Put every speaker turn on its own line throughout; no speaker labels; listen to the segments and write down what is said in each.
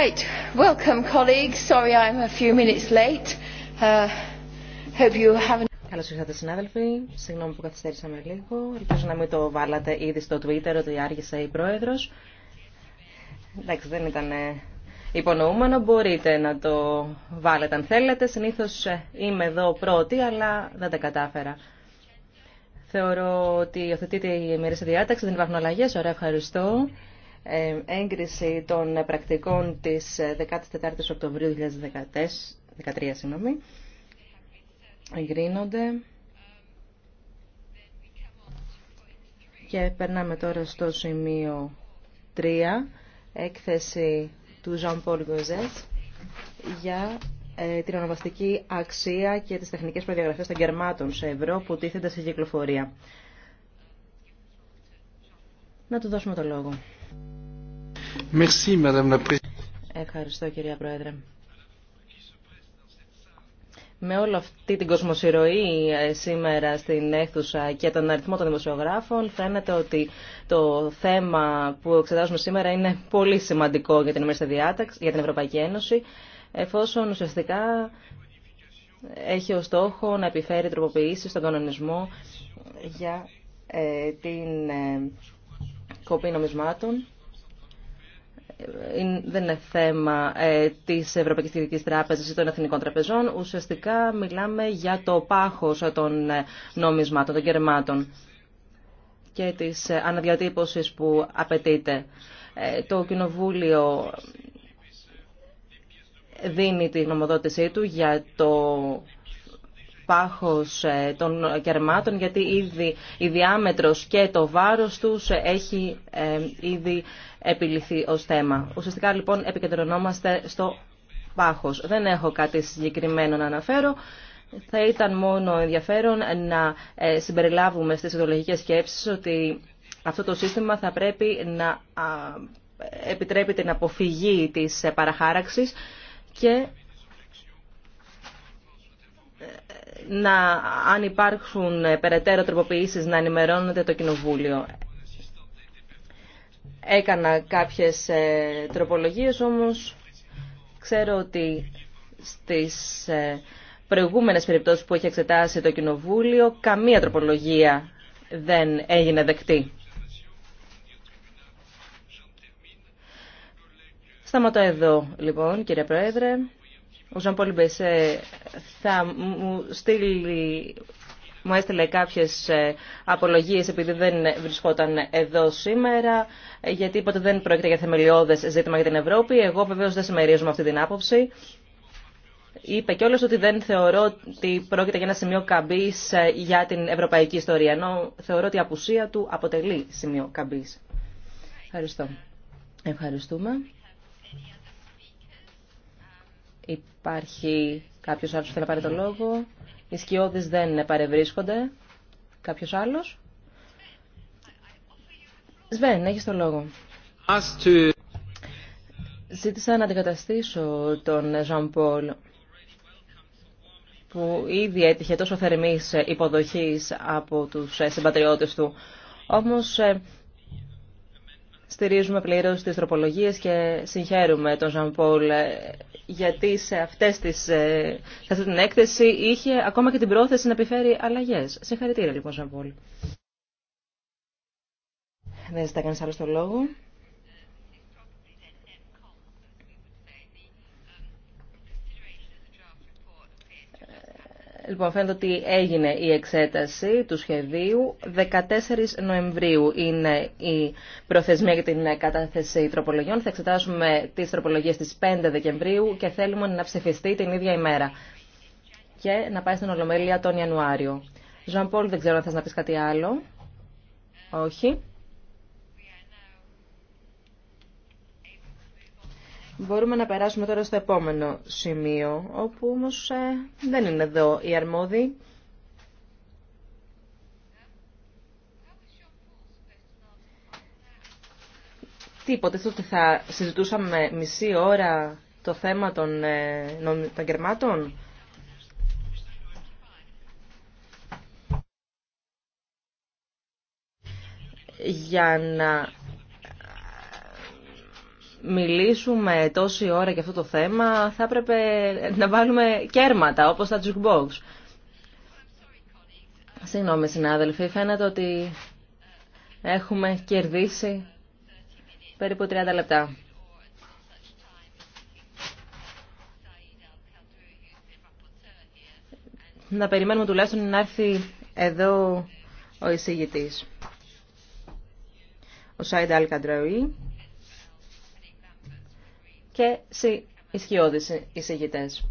Καλώ welcome colleagues. Sorry I'm a few minutes late.
Uh, hope you Καλώς ήρθατε συνάδελφοι. Συγγνώμη που καθυστέρησαμε λίγο. Ελπίζω να μην το βάλατε ήδη στο Twitter ότι άργησε η Πρόεδρος. Εντάξει, δεν ήταν ε, υπονοούμενο. Μπορείτε να το βάλετε αν θέλετε. Συνήθως ε, είμαι εδώ πρώτη, αλλά δεν τα κατάφερα. Θεωρώ ότι υιοθετείται η ημερήσια διάταξη. Δεν υπάρχουν αλλαγές. Ωραία, ευχαριστώ. Ε, έγκριση των πρακτικών της 14ης ε, Οκτωβρίου 2013 συγγνώμη, εγκρίνονται. Και περνάμε τώρα στο σημείο 3, έκθεση του Jean-Paul για ε, την ονομαστική αξία και τις τεχνικές προδιαγραφές των κερμάτων σε ευρώ που τίθενται σε κυκλοφορία. Να του δώσουμε το λόγο. Ευχαριστώ κυρία Πρόεδρε. Με όλη αυτή την κοσμοσυρωή ε, σήμερα στην αίθουσα και τον αριθμό των δημοσιογράφων φαίνεται ότι το θέμα που εξετάζουμε σήμερα είναι πολύ σημαντικό για την, διάταξη, για την Ευρωπαϊκή Ένωση εφόσον ουσιαστικά έχει ως στόχο να επιφέρει τροποποιήσεις στον κανονισμό για ε, την ε, κοπή νομισμάτων ε, ε, δεν είναι θέμα ε, τη Ευρωπαϊκή Κεντρική Τράπεζα ή των Εθνικών Τραπεζών. Ουσιαστικά μιλάμε για το πάχο των νομισμάτων, των κερμάτων και τη αναδιατύπωση που απαιτείται. Το Κοινοβούλιο δίνει τη γνωμοδότησή του για το πάχος ε, των κερμάτων γιατί ήδη η διάμετρος και το βάρος τους ε, έχει ε, ήδη επιληθεί ως θέμα. Ουσιαστικά λοιπόν επικεντρωνόμαστε στο πάχος. Δεν έχω κάτι συγκεκριμένο να αναφέρω. Θα ήταν μόνο ενδιαφέρον να συμπεριλάβουμε στις ιδεολογικές σκέψεις ότι αυτό το σύστημα θα πρέπει να επιτρέπει την αποφυγή της παραχάραξης και να, αν υπάρχουν ε, περαιτέρω τροποποιήσεις να ενημερώνεται το Κοινοβούλιο. Έκανα κάποιες ε, τροπολογίες όμως ξέρω ότι στις ε, προηγούμενες περιπτώσεις που έχει εξετάσει το Κοινοβούλιο καμία τροπολογία δεν έγινε δεκτή. Σταματώ εδώ λοιπόν κύριε Πρόεδρε ο Ζαν Μπεσέ θα μου στείλει μου έστειλε κάποιες ε, απολογίες επειδή δεν βρισκόταν εδώ σήμερα, ε, γιατί είπατε δεν πρόκειται για θεμελιώδες ζήτημα για την Ευρώπη. Εγώ βεβαίως δεν συμμερίζομαι αυτή την άποψη. Είπε κιόλα ότι δεν θεωρώ ότι πρόκειται για ένα σημείο καμπή ε, για την ευρωπαϊκή ιστορία. Ενώ θεωρώ ότι η απουσία του αποτελεί σημείο καμπή. Ευχαριστώ. Ευχαριστούμε. Υπάρχει κάποιο άλλος που θέλει να πάρει το λόγο. Οι σκιώδει δεν παρευρίσκονται. Κάποιος άλλος. Σβέν, έχει το λόγο. Ζήτησα να αντικαταστήσω τον Ζαν Πολ που ήδη έτυχε τόσο θερμής υποδοχής από τους ε, συμπατριώτες του. Όμως ε, Στηρίζουμε πλήρως τις τροπολογίες και συγχαίρουμε τον Ζαν ε, γιατί σε, αυτές τις, ε, σε αυτή την έκθεση είχε ακόμα και την πρόθεση να επιφέρει αλλαγές. Συγχαρητήρια λοιπόν Ζαν Δεν ζητά κανείς άλλο το λόγο. Λοιπόν, φαίνεται ότι έγινε η εξέταση του σχεδίου. 14 Νοεμβρίου είναι η προθεσμία για την κατάθεση τροπολογιών. Θα εξετάσουμε τις τροπολογίες της 5 Δεκεμβρίου και θέλουμε να ψηφιστεί την ίδια ημέρα και να πάει στην Ολομέλεια τον Ιανουάριο. Ζωάν Πολ, δεν ξέρω αν θες να πεις κάτι άλλο. Όχι. Μπορούμε να περάσουμε τώρα στο επόμενο σημείο, όπου όμως ε, δεν είναι εδώ οι αρμόδιοι. Τι υποτίθεται ότι θα συζητούσαμε μισή ώρα το θέμα των, ε, των κερμάτων. για να μιλήσουμε τόση ώρα για αυτό το θέμα, θα έπρεπε να βάλουμε κέρματα, όπως τα jukebox. Συγγνώμη, συνάδελφοι, φαίνεται ότι έχουμε κερδίσει περίπου 30 λεπτά. Να περιμένουμε τουλάχιστον να έρθει εδώ ο εισηγητής. Ο Σάιντα Αλκαντρεουή και σε ισχυώδεις εισηγητές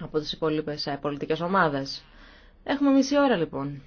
από τις υπόλοιπες ε, πολιτικές ομάδες. Έχουμε μισή ώρα λοιπόν.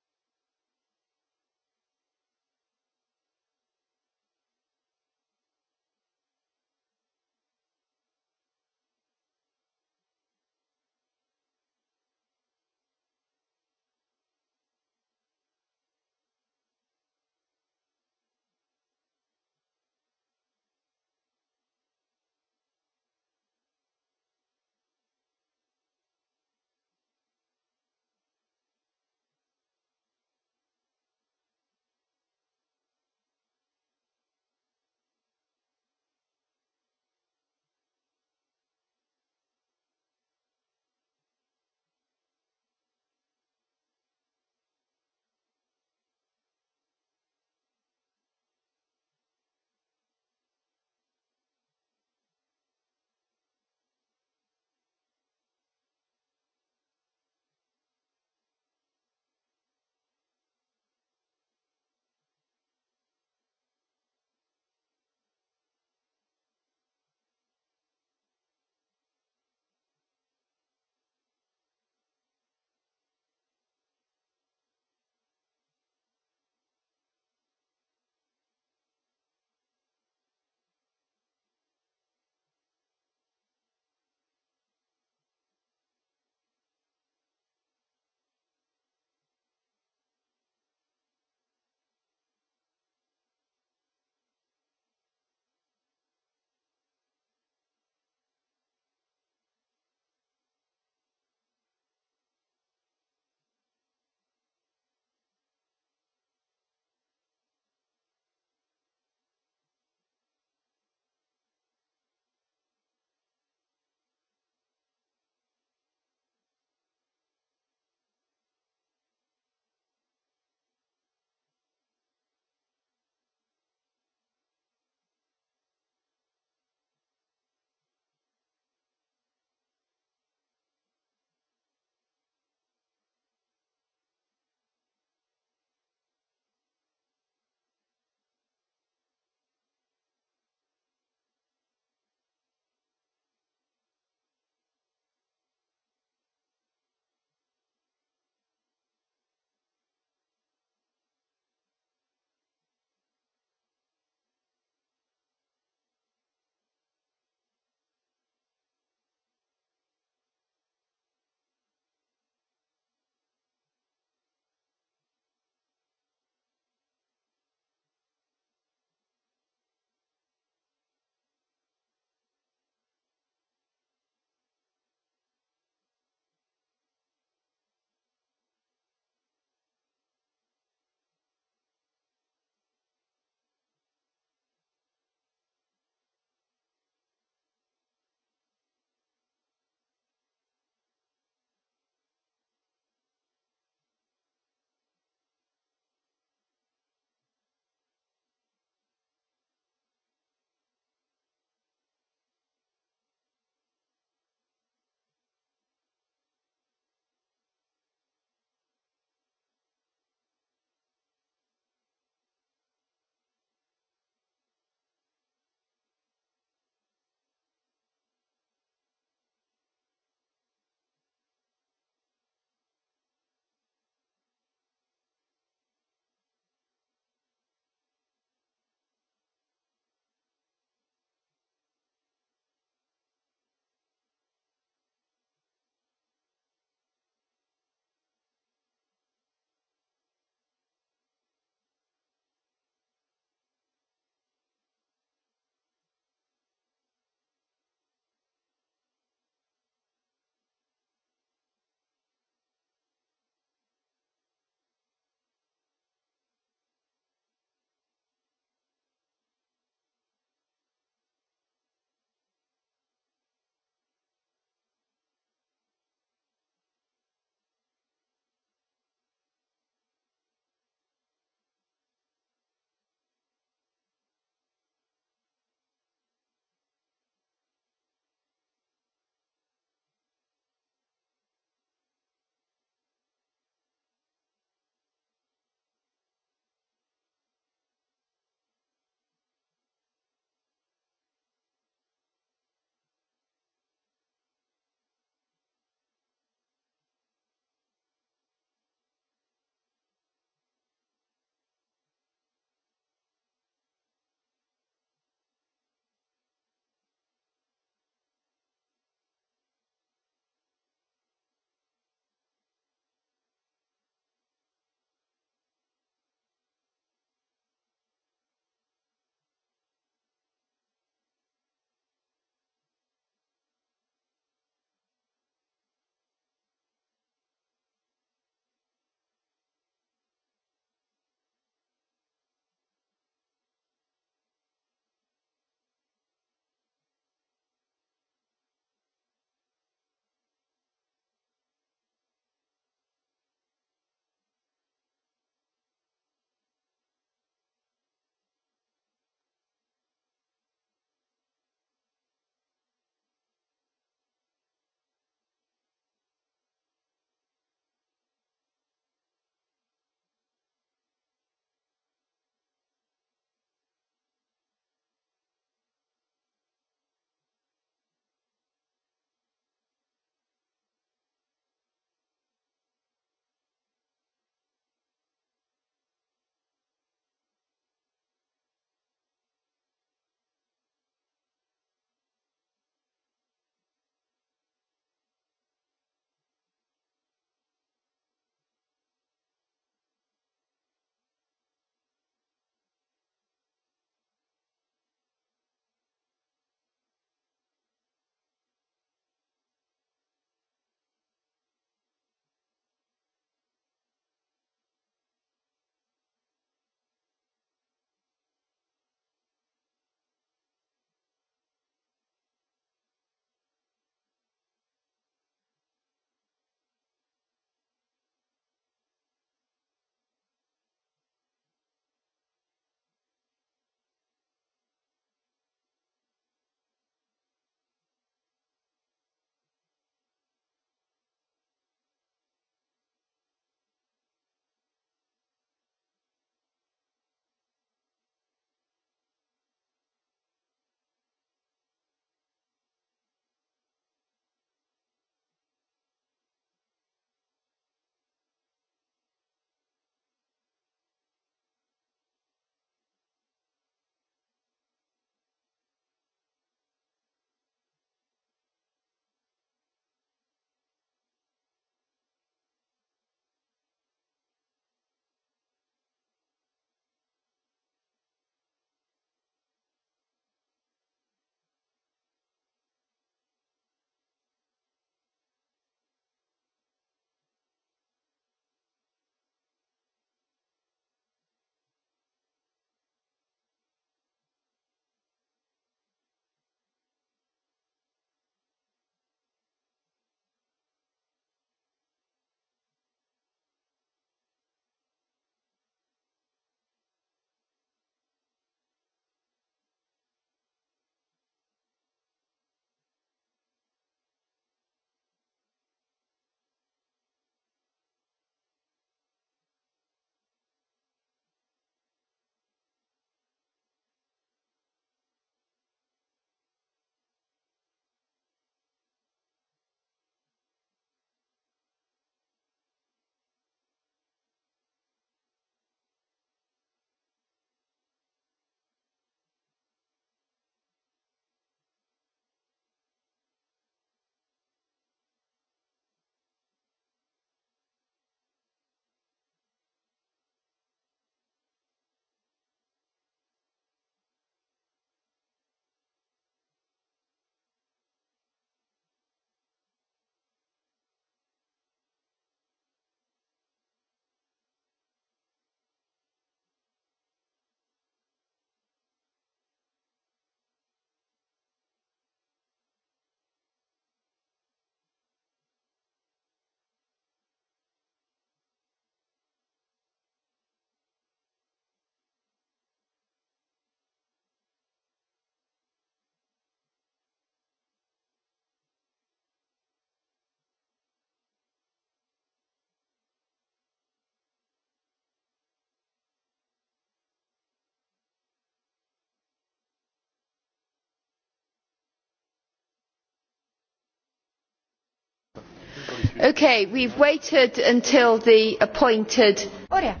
Okay, we've waited until the appointed... Ωραία.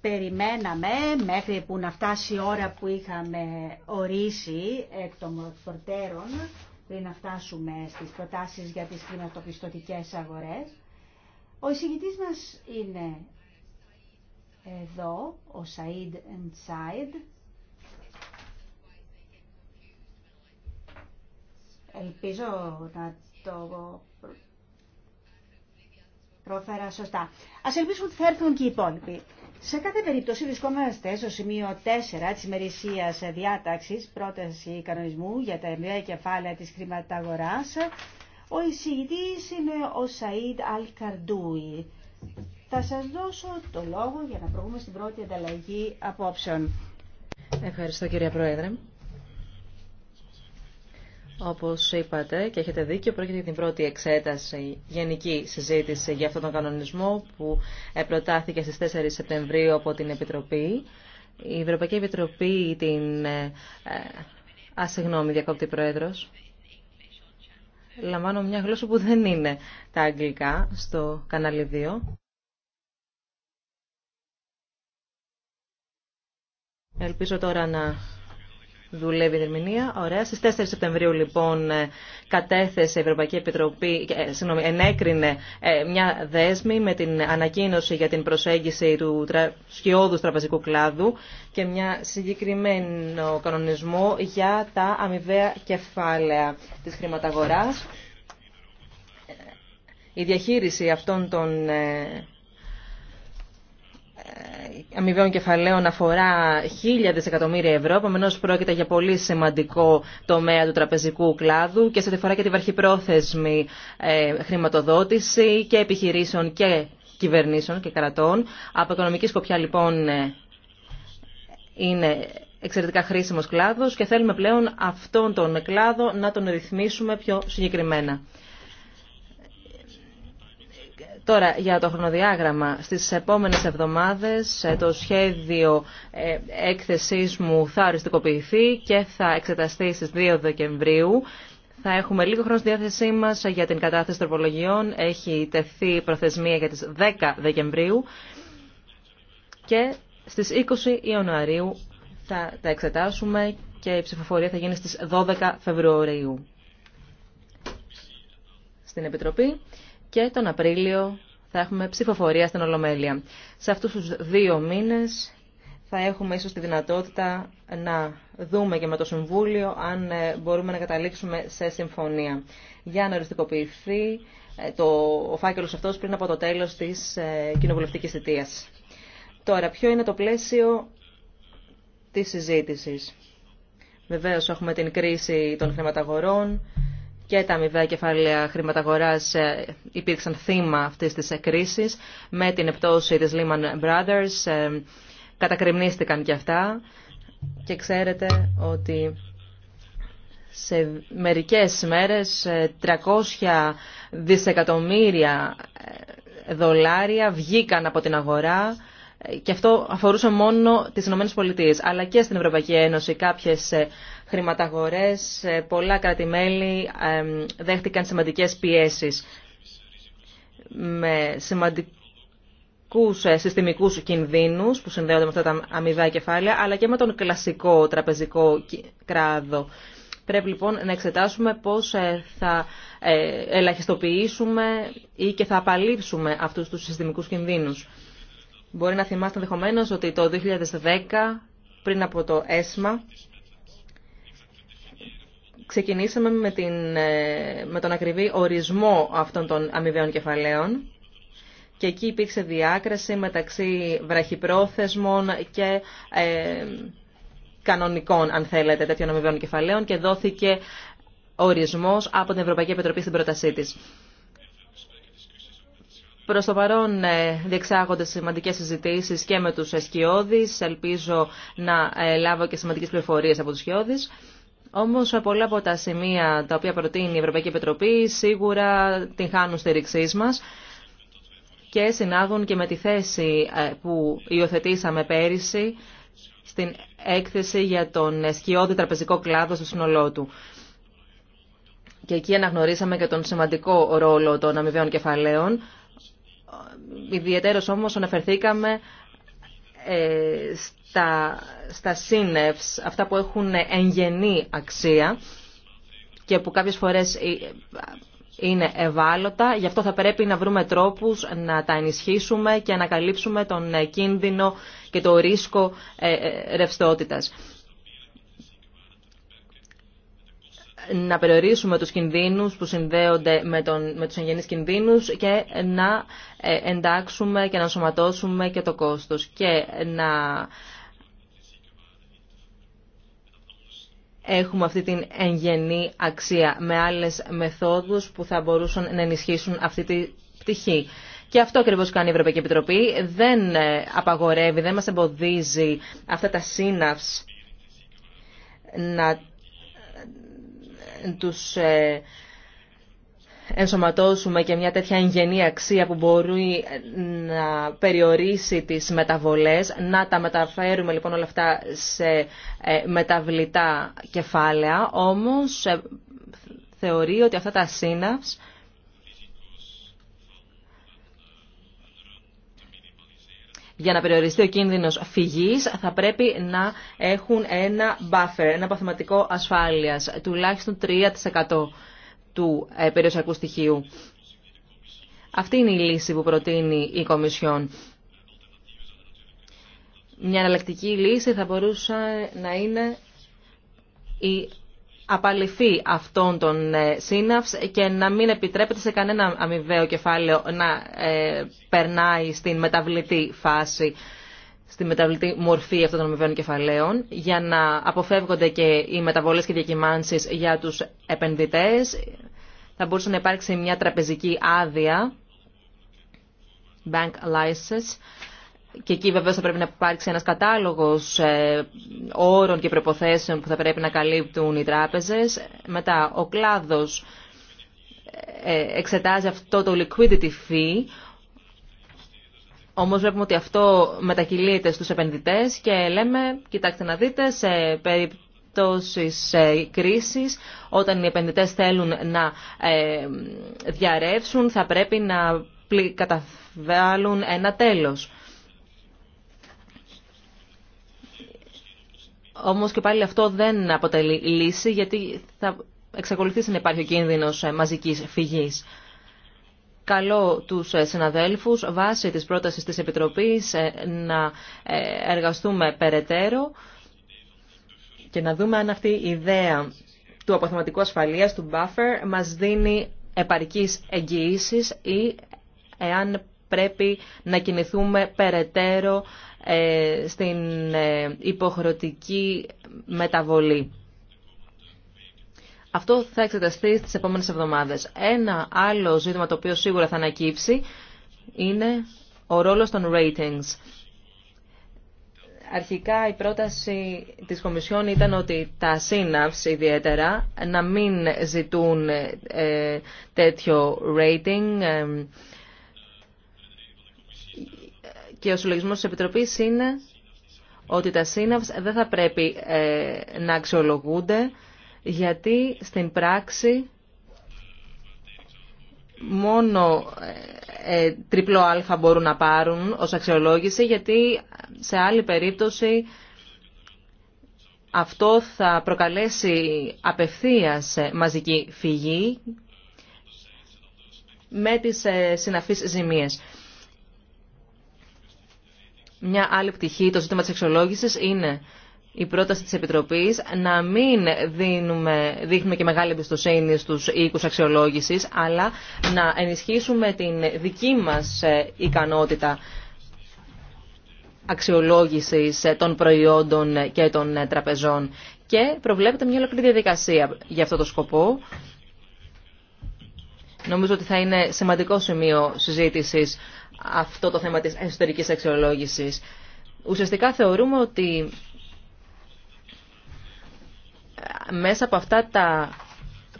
Περιμέναμε μέχρι που να φτάσει η ώρα που είχαμε ορίσει εκ των προτέρων πριν να φτάσουμε στις προτάσεις για τις κοινοτοπιστωτικές αγορές. Ο εισηγητής μας είναι εδώ, ο Σαΐντ Εντσάιντ, Ελπίζω να το πρόφερα σωστά. Ας ελπίσουμε ότι θα έρθουν και οι υπόλοιποι. Σε κάθε περίπτωση βρισκόμαστε στο σημείο 4 της ημερησίας διάταξης, πρόταση κανονισμού για τα εμβέα κεφάλαια της χρηματαγοράς. Ο εισηγητής είναι ο Σαΐντ Αλκαρντούι. Θα σας δώσω το λόγο για να προβούμε στην πρώτη
ανταλλαγή απόψεων. Ευχαριστώ κυρία Πρόεδρε. Όπως είπατε και έχετε δίκιο, πρόκειται για την πρώτη εξέταση γενική συζήτηση για αυτόν τον κανονισμό που προτάθηκε στις 4 Σεπτεμβρίου από την Επιτροπή. Η Ευρωπαϊκή Επιτροπή την... Ε, ε, α, συγγνώμη, διακόπτη Πρόεδρος. Λαμβάνω μια γλώσσα που δεν είναι τα αγγλικά στο κανάλι 2. Ελπίζω τώρα να δουλεύει η ερμηνεία. Ωραία. Στις 4 Σεπτεμβρίου λοιπόν ε, κατέθεσε η Ευρωπαϊκή Επιτροπή, ε, συγγνώμη, ενέκρινε ε, μια δέσμη με την ανακοίνωση για την προσέγγιση του σκιώδους τραπεζικού κλάδου και μια συγκεκριμένο κανονισμό για τα αμοιβαία κεφάλαια της χρηματαγοράς. Η διαχείριση αυτών των αμοιβαίων κεφαλαίων αφορά χίλια δισεκατομμύρια ευρώ, επομένω πρόκειται για πολύ σημαντικό τομέα του τραπεζικού κλάδου και σε φορά και τη βαρχιπρόθεσμη ε, χρηματοδότηση και επιχειρήσεων και κυβερνήσεων και κρατών. Από οικονομική σκοπιά λοιπόν ε, είναι εξαιρετικά χρήσιμος κλάδος και θέλουμε πλέον αυτόν τον κλάδο να τον ρυθμίσουμε πιο συγκεκριμένα. Τώρα, για το χρονοδιάγραμμα, στις επόμενες εβδομάδες ε, το σχέδιο ε, έκθεσής μου θα οριστικοποιηθεί και θα εξεταστεί στις 2 Δεκεμβρίου. Θα έχουμε λίγο χρόνο στη διάθεσή μας ε, για την κατάθεση τροπολογιών. Έχει τεθεί προθεσμία για τις 10 Δεκεμβρίου και στις 20 Ιανουαρίου θα τα εξετάσουμε και η ψηφοφορία θα γίνει στις 12 Φεβρουαρίου στην Επιτροπή και τον Απρίλιο θα έχουμε ψηφοφορία στην Ολομέλεια. Σε αυτούς τους δύο μήνες θα έχουμε ίσως τη δυνατότητα να δούμε και με το Συμβούλιο αν ε, μπορούμε να καταλήξουμε σε συμφωνία για να οριστικοποιηθεί ε, το, ο φάκελος αυτός πριν από το τέλος της ε, κοινοβουλευτικής θητείας. Τώρα, ποιο είναι το πλαίσιο της συζήτησης. Βεβαίως έχουμε την κρίση των χρηματαγορών, και τα αμοιβαία κεφάλαια χρηματαγοράς ε, υπήρξαν θύμα αυτή τη ε, κρίση Με την επτώση της Lehman Brothers ε, κατακριμνίστηκαν και αυτά. Και ξέρετε ότι σε μερικές μέρες 300 δισεκατομμύρια δολάρια βγήκαν από την αγορά και αυτό αφορούσε μόνο τις Ηνωμένες Πολιτείες αλλά και στην Ευρωπαϊκή Ένωση κάποιες χρηματαγορές, ε, πολλά κράτη-μέλη δέχτηκαν σημαντικές πιέσεις με σημαντικούς ε, συστημικούς κινδύνους που συνδέονται με αυτά τα αμοιβά κεφάλαια, αλλά και με τον κλασικό τραπεζικό κράδο. Πρέπει λοιπόν να εξετάσουμε πώς ε, θα ελαχιστοποιήσουμε ή και θα απαλείψουμε αυτούς τους συστημικούς κινδύνους. Μπορεί να θυμάστε ενδεχομένω ότι το 2010, πριν από το ΕΣΜΑ, ξεκινήσαμε με, την, ε, με τον ακριβή ορισμό αυτών των αμοιβαίων κεφαλαίων και εκεί υπήρξε διάκριση μεταξύ βραχυπρόθεσμων και ε, κανονικών, αν θέλετε, τέτοιων αμοιβαίων κεφαλαίων και δόθηκε ορισμός από την Ευρωπαϊκή Επιτροπή στην πρότασή της. Προς το παρόν ε, διεξάγονται σημαντικές συζητήσεις και με τους σκιώδεις. Ελπίζω να λάβω και σημαντικές πληροφορίες από τους σκιώδεις. Όμως πολλά από τα σημεία τα οποία προτείνει η Ευρωπαϊκή Επιτροπή σίγουρα την χάνουν στήριξή μα και συνάγουν και με τη θέση ε, που υιοθετήσαμε πέρυσι στην έκθεση για τον σκιώδη τραπεζικό κλάδο στο σύνολό του. Και εκεί αναγνωρίσαμε και τον σημαντικό ρόλο των αμοιβαίων κεφαλαίων. Ιδιαίτερος όμως αναφερθήκαμε ε, στα, στα σύννευς, αυτά που έχουν εγγενή αξία και που κάποιες φορές ε, είναι ευάλωτα. Γι' αυτό θα πρέπει να βρούμε τρόπους να τα ενισχύσουμε και να καλύψουμε τον κίνδυνο και το ρίσκο ε, ρευστότητας. να περιορίσουμε τους κινδύνους που συνδέονται με, τον, με τους εγγενείς κινδύνους και να ε, εντάξουμε και να σωματώσουμε και το κόστος και να έχουμε αυτή την εγγενή αξία με άλλες μεθόδους που θα μπορούσαν να ενισχύσουν αυτή τη πτυχή. Και αυτό ακριβώ κάνει η Ευρωπαϊκή Επιτροπή. Δεν ε, απαγορεύει, δεν μας εμποδίζει αυτά τα σύναυς να τους ε, ενσωματώσουμε και μια τέτοια εγγενή αξία που μπορεί ε, να περιορίσει τις μεταβολές, να τα μεταφέρουμε λοιπόν όλα αυτά σε ε, μεταβλητά κεφάλαια, όμως θεωρεί ότι αυτά τα σύναυς για να περιοριστεί ο κίνδυνος φυγής θα πρέπει να έχουν ένα buffer, ένα παθηματικό ασφάλειας, τουλάχιστον 3% του ε, περιοσιακού στοιχείου. Αυτή είναι η λύση που προτείνει η Κομισιόν. Μια εναλλακτική λύση θα μπορούσε να είναι η απαλληφθεί αυτόν τον ε, σύναυς και να μην επιτρέπεται σε κανένα αμοιβαίο κεφάλαιο να ε, περνάει στην μεταβλητή φάση στη μεταβλητή μορφή αυτών των αμοιβαίων κεφαλαίων για να αποφεύγονται και οι μεταβολές και διακυμάνσεις για τους επενδυτές. Θα μπορούσε να υπάρξει μια τραπεζική άδεια, bank license, και εκεί βεβαίω θα πρέπει να υπάρξει ένας κατάλογος ε, όρων και προποθέσεων που θα πρέπει να καλύπτουν οι τράπεζες. Μετά, ο κλάδος ε, εξετάζει αυτό το liquidity fee, όμως βλέπουμε ότι αυτό μετακυλείται στους επενδυτές και λέμε, κοιτάξτε να δείτε, σε περιπτώσεις ε, κρίση, όταν οι επενδυτές θέλουν να διαρρεύσουν, θα πρέπει να καταβάλουν ένα τέλος. Όμως και πάλι αυτό δεν αποτελεί λύση γιατί θα εξακολουθήσει να υπάρχει ο κίνδυνος ε, μαζικής φυγής. καλό τους ε, συναδέλφους βάσει της πρότασης της Επιτροπής ε, να εργαστούμε περαιτέρω και να δούμε αν αυτή η ιδέα του αποθεματικού ασφαλείας, του buffer, μας δίνει επαρκείς εγγυήσεις ή εάν πρέπει να κινηθούμε περαιτέρω ε, στην ε, υποχρεωτική μεταβολή. Αυτό θα εξεταστεί στις επόμενες εβδομάδες. Ένα άλλο ζήτημα το οποίο σίγουρα θα ανακύψει είναι ο ρόλος των ratings. Αρχικά η πρόταση της Κομισιόν ήταν ότι τα σύναυς ιδιαίτερα να μην ζητούν ε, τέτοιο rating και ο συλλογισμό τη Επιτροπή είναι ότι τα σύναυς δεν θα πρέπει ε, να αξιολογούνται γιατί στην πράξη μόνο ε, ε, τριπλό α μπορούν να πάρουν ως αξιολόγηση γιατί σε άλλη περίπτωση αυτό θα προκαλέσει απευθείας μαζική φυγή με τις συναφείς ζημίες. Μια άλλη πτυχή, το ζήτημα της αξιολόγησης είναι η πρόταση της Επιτροπής να μην δίνουμε, δείχνουμε και μεγάλη εμπιστοσύνη στους οίκους αξιολόγησης, αλλά να ενισχύσουμε την δική μας ε, ικανότητα αξιολόγησης ε, των προϊόντων ε, και των τραπεζών. Και προβλέπεται μια ολοκληρή διαδικασία για αυτό το σκοπό. Νομίζω ότι θα είναι σημαντικό σημείο συζήτησης αυτό το θέμα της εσωτερικής αξιολόγησης. Ουσιαστικά θεωρούμε ότι μέσα από αυτά τα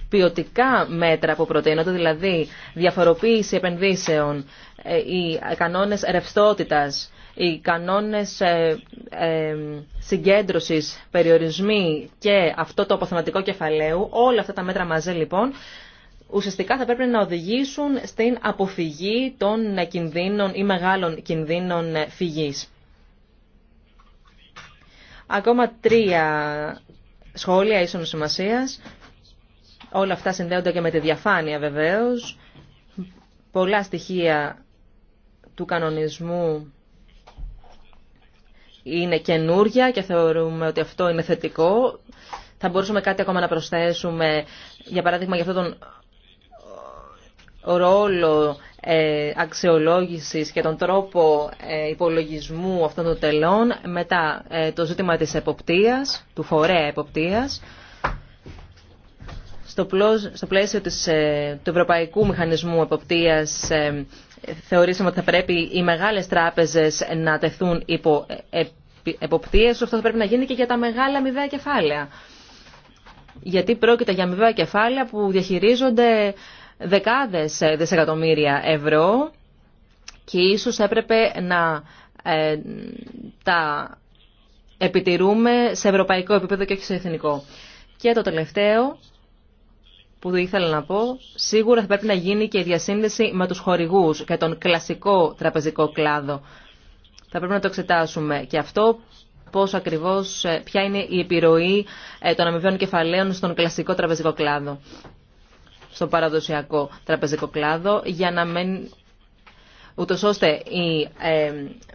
ποιοτικά μέτρα που προτείνονται, δηλαδή διαφοροποίηση επενδύσεων, ε, οι κανόνες ρευστότητας, οι κανόνες ε, ε, συγκέντρωσης, περιορισμοί και αυτό το αποθεματικό κεφαλαίου, όλα αυτά τα μέτρα μαζί λοιπόν, ουσιαστικά θα πρέπει να οδηγήσουν στην αποφυγή των κινδύνων ή μεγάλων κινδύνων φυγής. Ακόμα τρία σχόλια ίσον σημασίας. Όλα αυτά συνδέονται και με τη διαφάνεια βεβαίως. Πολλά στοιχεία του κανονισμού είναι καινούργια και θεωρούμε ότι αυτό είναι θετικό. Θα μπορούσαμε κάτι ακόμα να προσθέσουμε, για παράδειγμα, για αυτόν τον ρόλο ε, αξιολόγησης και τον τρόπο ε, υπολογισμού αυτών των τελών, μετά ε, το ζήτημα της εποπτείας, του φορέα εποπτείας, στο πλαίσιο της, του Ευρωπαϊκού Μηχανισμού Εποπτείας θεωρήσαμε ότι θα πρέπει οι μεγάλες τράπεζες να τεθούν υπό εποπτείες. Αυτό θα πρέπει να γίνει και για τα μεγάλα αμοιβαία κεφάλαια. Γιατί πρόκειται για αμοιβαία κεφάλαια που διαχειρίζονται δεκάδες ε, δισεκατομμύρια ευρώ και ίσως έπρεπε να ε, τα επιτηρούμε σε ευρωπαϊκό επίπεδο και όχι σε εθνικό. Και το τελευταίο που ήθελα να πω, σίγουρα θα πρέπει να γίνει και η διασύνδεση με τους χορηγούς και τον κλασικό τραπεζικό κλάδο. Θα πρέπει να το εξετάσουμε και αυτό πώς ακριβώς, ε, ποια είναι η επιρροή των αμοιβαίων κεφαλαίων στον κλασικό τραπεζικό κλάδο στο παραδοσιακό τραπεζικό κλάδο για να μην ούτως ώστε οι ε,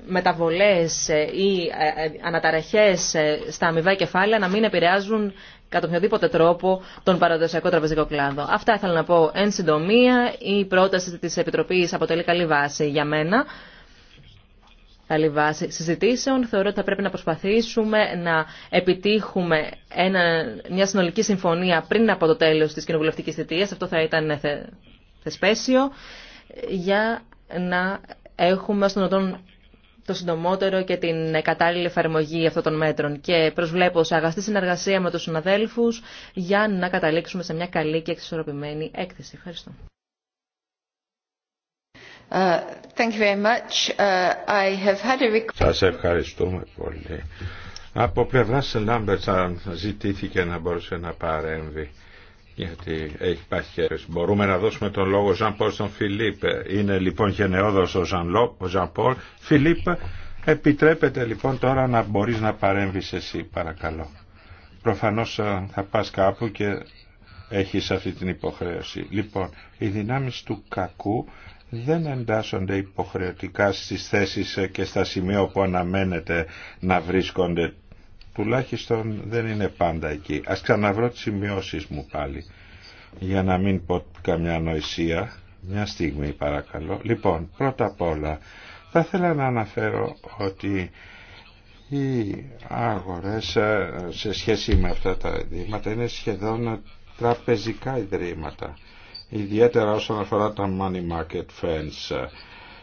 μεταβολές ε, ή ε, αναταραχές στα αμοιβά κεφάλαια να μην επηρεάζουν κατά οποιοδήποτε τρόπο τον παραδοσιακό τραπεζικό κλάδο. Αυτά ήθελα να πω εν συντομία. Η πρόταση της Επιτροπής αποτελεί καλή βάση για μένα καλή βάση συζητήσεων. Θεωρώ ότι θα πρέπει να προσπαθήσουμε να επιτύχουμε ένα, μια συνολική συμφωνία πριν από το τέλος της κοινοβουλευτικής θητείας. Αυτό θα ήταν θεσπέσιο για να έχουμε στον οδόν το συντομότερο και την κατάλληλη εφαρμογή αυτών των μέτρων. Και προσβλέπω σε αγαστή συνεργασία με τους συναδέλφους για να καταλήξουμε σε μια καλή και εξισορροπημένη έκθεση. Ευχαριστώ. Σα uh, uh,
Σας ευχαριστούμε πολύ. Από πλευρά Λάμπερτ ζητήθηκε να μπορούσε να παρέμβει γιατί έχει πάει. Μπορούμε να δώσουμε τον λόγο Ζαν Πολ στον Φιλίπ. Είναι λοιπόν γενναιόδος ο Ζαν Πολ. Φιλίπ, επιτρέπεται λοιπόν τώρα να μπορείς να παρέμβεις εσύ, παρακαλώ. Προφανώς ε, θα πας κάπου και έχεις αυτή την υποχρέωση. Λοιπόν, οι δυνάμεις του κακού δεν εντάσσονται υποχρεωτικά στις θέσεις και στα σημεία όπου αναμένεται να βρίσκονται. Τουλάχιστον δεν είναι πάντα εκεί. Ας ξαναβρω τις σημειώσεις μου πάλι, για να μην πω καμιά νοησία. Μια στιγμή παρακαλώ. Λοιπόν, πρώτα απ' όλα, θα ήθελα να αναφέρω ότι οι άγορες ε, σε σχέση με αυτά τα ιδρύματα είναι σχεδόν τραπεζικά ιδρύματα ιδιαίτερα όσον αφορά τα money market funds.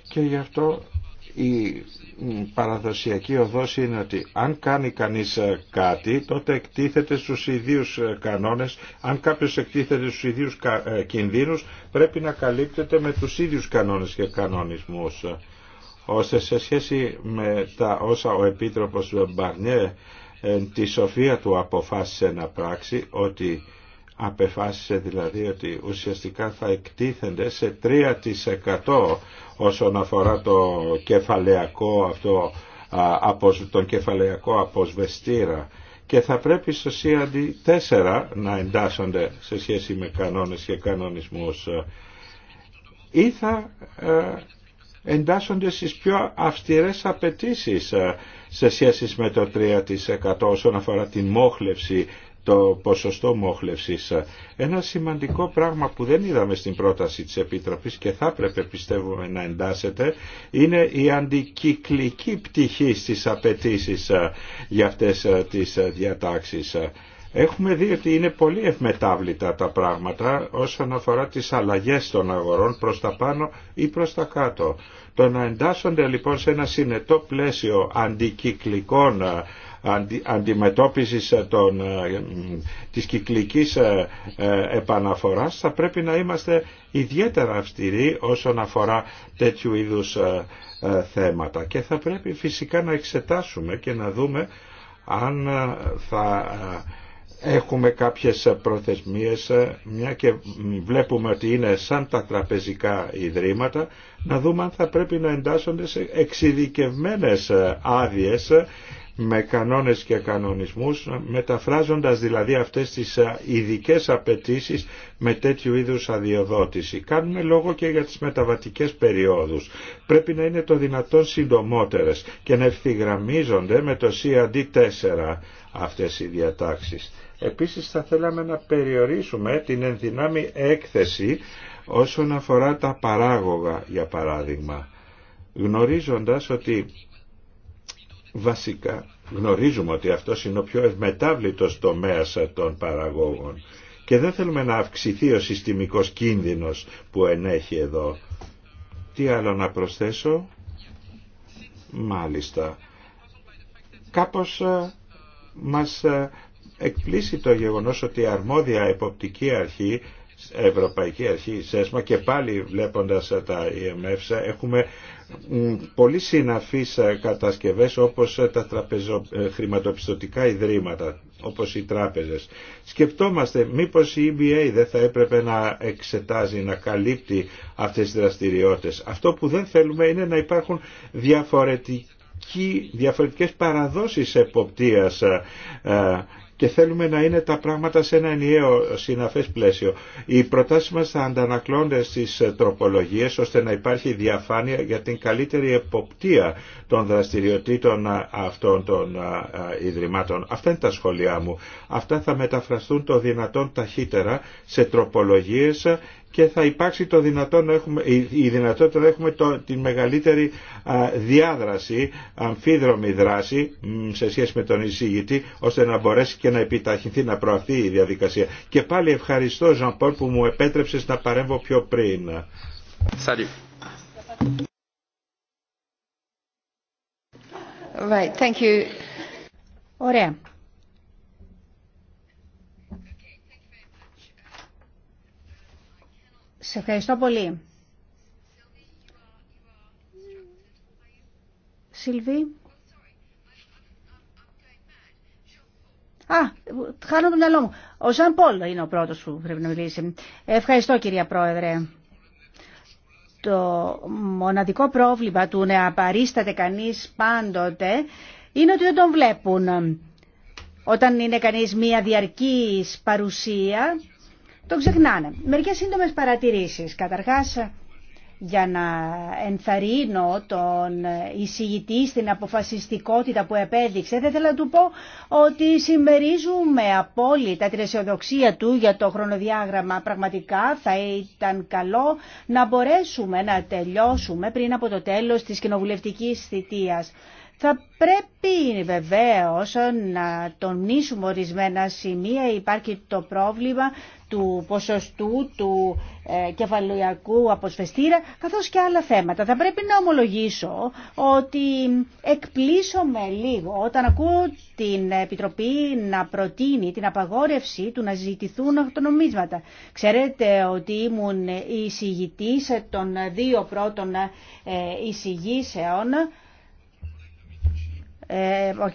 Και γι' αυτό η παραδοσιακή οδός είναι ότι αν κάνει κανείς κάτι τότε εκτίθεται στους ιδίους κανόνες αν κάποιος εκτίθεται στους ιδίους ε, κινδύνους πρέπει να καλύπτεται με τους ίδιους κανόνες και κανονισμούς ώστε σε σχέση με τα όσα ο Επίτροπος Μπαρνιέ τη σοφία του αποφάσισε να πράξει ότι Απεφάσισε δηλαδή ότι ουσιαστικά θα εκτίθενται σε 3% όσον αφορά το κεφαλαιακό αυτό, τον κεφαλαιακό αποσβεστήρα και θα πρέπει στο CRD4 να εντάσσονται σε σχέση με κανόνες και κανονισμούς ή θα ε, εντάσσονται στις πιο αυστηρές απαιτήσεις ε, σε σχέση με το 3% όσον αφορά την μόχλευση το ποσοστό μόχλευσης. Ένα σημαντικό πράγμα που δεν είδαμε στην πρόταση της Επιτροπής και θα έπρεπε πιστεύουμε να εντάσσεται είναι η αντικυκλική πτυχή στις απαιτήσει ε, για αυτές ε, τις ε, διατάξεις. Έχουμε δει ότι είναι πολύ ευμετάβλητα τα πράγματα όσον αφορά τις αλλαγές των αγορών προς τα πάνω ή προς τα κάτω. Το να εντάσσονται λοιπόν σε ένα συνετό πλαίσιο αντικυκλικών αντιμετώπισης ε, των, ε, της κυκλικής ε, επαναφοράς θα πρέπει να είμαστε ιδιαίτερα αυστηροί όσον αφορά τέτοιου είδους θέματα και θα πρέπει φυσικά να εξετάσουμε και να δούμε αν θα έχουμε κάποιες προθεσμίες μια και βλέπουμε ότι είναι σαν τα τραπεζικά ιδρύματα να δούμε αν θα πρέπει να εντάσσονται σε εξειδικευμένες άδειες με κανόνες και κανονισμούς, μεταφράζοντας δηλαδή αυτές τις ειδικέ απαιτήσει με τέτοιου είδους αδειοδότηση. Κάνουμε λόγο και για τις μεταβατικές περιόδους. Πρέπει να είναι το δυνατόν συντομότερες και να ευθυγραμμίζονται με το CAD 4 αυτές οι διατάξεις. Επίσης θα θέλαμε να περιορίσουμε την ενδυνάμει έκθεση όσον αφορά τα παράγωγα, για παράδειγμα, γνωρίζοντας ότι Βασικά γνωρίζουμε ότι αυτό είναι ο πιο ευμετάβλητος τομέας των παραγόγων και δεν θέλουμε να αυξηθεί ο συστημικός κίνδυνος που ενέχει εδώ. Τι άλλο να προσθέσω? Μάλιστα. Κάπως ε, μας ε, εκπλήσει το γεγονός ότι η αρμόδια εποπτική αρχή Ευρωπαϊκή Αρχή ΣΕΣΜΑ και πάλι βλέποντας τα EMF έχουμε πολύ συναφείς κατασκευές όπως τα τραπεζο, ε, χρηματοπιστωτικά ιδρύματα όπως οι τράπεζες. Σκεπτόμαστε μήπως η EBA δεν θα έπρεπε να εξετάζει, να καλύπτει αυτές τις δραστηριότητες. Αυτό που δεν θέλουμε είναι να υπάρχουν διαφορετικοί διαφορετικές παραδόσεις εποπτείας ε, και θέλουμε να είναι τα πράγματα σε ένα ενιαίο συναφές πλαίσιο. Οι προτάσεις μας θα αντανακλώνται στις τροπολογίες ώστε να υπάρχει διαφάνεια για την καλύτερη εποπτεία των δραστηριοτήτων αυτών των ιδρυμάτων. Αυτά είναι τα σχόλιά μου. Αυτά θα μεταφραστούν το δυνατόν ταχύτερα σε τροπολογίες και θα υπάρξει το δυνατόν να έχουμε, η δυνατότητα να έχουμε το, την μεγαλύτερη διάδραση, αμφίδρομη δράση σε σχέση με τον εισηγητή, ώστε να μπορέσει και να επιταχυνθεί, να προαχθεί η διαδικασία. Και πάλι ευχαριστώ, Ζαμπόρ, που μου επέτρεψες να παρέμβω πιο πριν. Salut.
Right, thank you. Ωραία. Σε ευχαριστώ πολύ. Σιλβί. Α, χάνω το μυαλό μου. Ο Ζαν Πόλ είναι ο πρώτος που πρέπει να μιλήσει. Ευχαριστώ κυρία Πρόεδρε. Το μοναδικό πρόβλημα του να απαρίσταται κανείς πάντοτε είναι ότι δεν τον βλέπουν. Όταν είναι κανείς μία διαρκής παρουσία το ξεχνάνε. Μερικές σύντομες παρατηρήσεις. Καταρχάς, για να ενθαρρύνω τον εισηγητή στην αποφασιστικότητα που επέδειξε, Δεν θέλω να του πω ότι συμμερίζουμε απόλυτα την αισιοδοξία του για το χρονοδιάγραμμα. Πραγματικά θα ήταν καλό να μπορέσουμε να τελειώσουμε πριν από το τέλος της κοινοβουλευτικής θητείας. Θα πρέπει βεβαίως να τονίσουμε ορισμένα σημεία. Υπάρχει το πρόβλημα του ποσοστού του ε, κεφαλαιακού αποσφεστήρα, καθώς και άλλα θέματα. Θα πρέπει να ομολογήσω ότι με λίγο όταν ακούω την Επιτροπή να προτείνει την απαγόρευση του να ζητηθούν αυτονομίσματα. Ξέρετε ότι ήμουν εισηγητής των δύο πρώτων ε, εισηγήσεων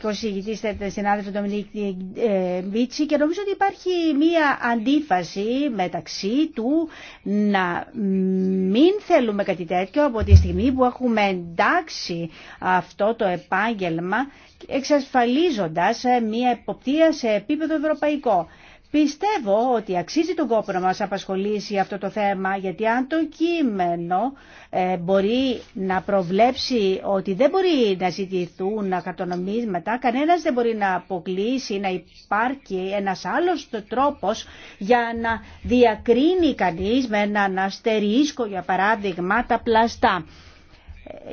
ο ε, συγητής συνάδελφο Ντομινίκη ε, ε, Μπίτσι και νομίζω ότι υπάρχει μία αντίφαση μεταξύ του να μην θέλουμε κάτι τέτοιο από τη στιγμή που έχουμε εντάξει αυτό το επάγγελμα εξασφαλίζοντας μία εποπτεία σε επίπεδο ευρωπαϊκό. Πιστεύω ότι αξίζει τον κόπο να μας απασχολήσει αυτό το θέμα, γιατί αν το κείμενο ε, μπορεί να προβλέψει ότι δεν μπορεί να ζητηθούν ακατονομίσματα, κανένας δεν μπορεί να αποκλείσει να υπάρχει ένας άλλος τρόπος για να διακρίνει κανείς με έναν αστερίσκο, για παράδειγμα, τα πλαστά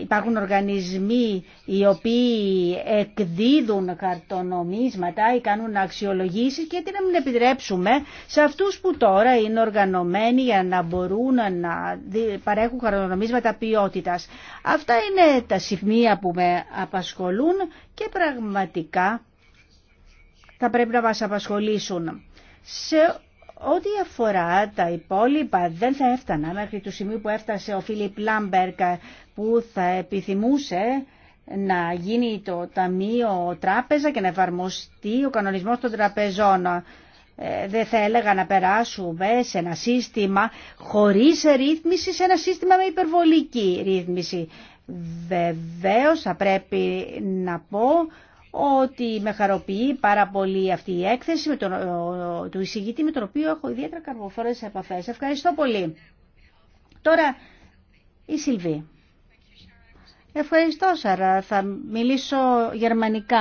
υπάρχουν οργανισμοί οι οποίοι εκδίδουν καρτονομίσματα ή κάνουν αξιολογήσεις και τι να μην επιτρέψουμε σε αυτούς που τώρα είναι οργανωμένοι για να μπορούν να παρέχουν καρτονομίσματα ποιότητας. Αυτά είναι τα σημεία που με απασχολούν και πραγματικά θα πρέπει να μας απασχολήσουν. Σε Ό,τι αφορά τα υπόλοιπα δεν θα έφτανα μέχρι το σημείο που έφτασε ο Φίλιπ Λάμπερκ που θα επιθυμούσε να γίνει το Ταμείο Τράπεζα και να εφαρμοστεί ο κανονισμός των τραπεζών. Ε, δεν θα έλεγα να περάσουμε σε ένα σύστημα χωρίς ρύθμιση, σε ένα σύστημα με υπερβολική ρύθμιση. Βεβαίως θα πρέπει να πω ότι με χαροποιεί πάρα πολύ αυτή η έκθεση με τον, του εισηγητή με τον οποίο έχω ιδιαίτερα καρποφόρες επαφές. Ευχαριστώ πολύ. Τώρα η Σιλβή. Ευχαριστώ Σαρα, θα μιλήσω γερμανικά.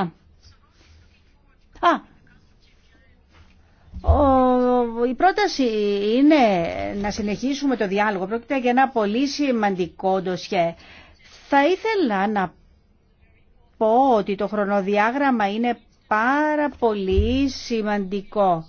Α, η πρόταση είναι να συνεχίσουμε το διάλογο. Πρόκειται για ένα πολύ σημαντικό ντοσχέ. Θα ήθελα να πω ότι το χρονοδιάγραμμα είναι πάρα πολύ σημαντικό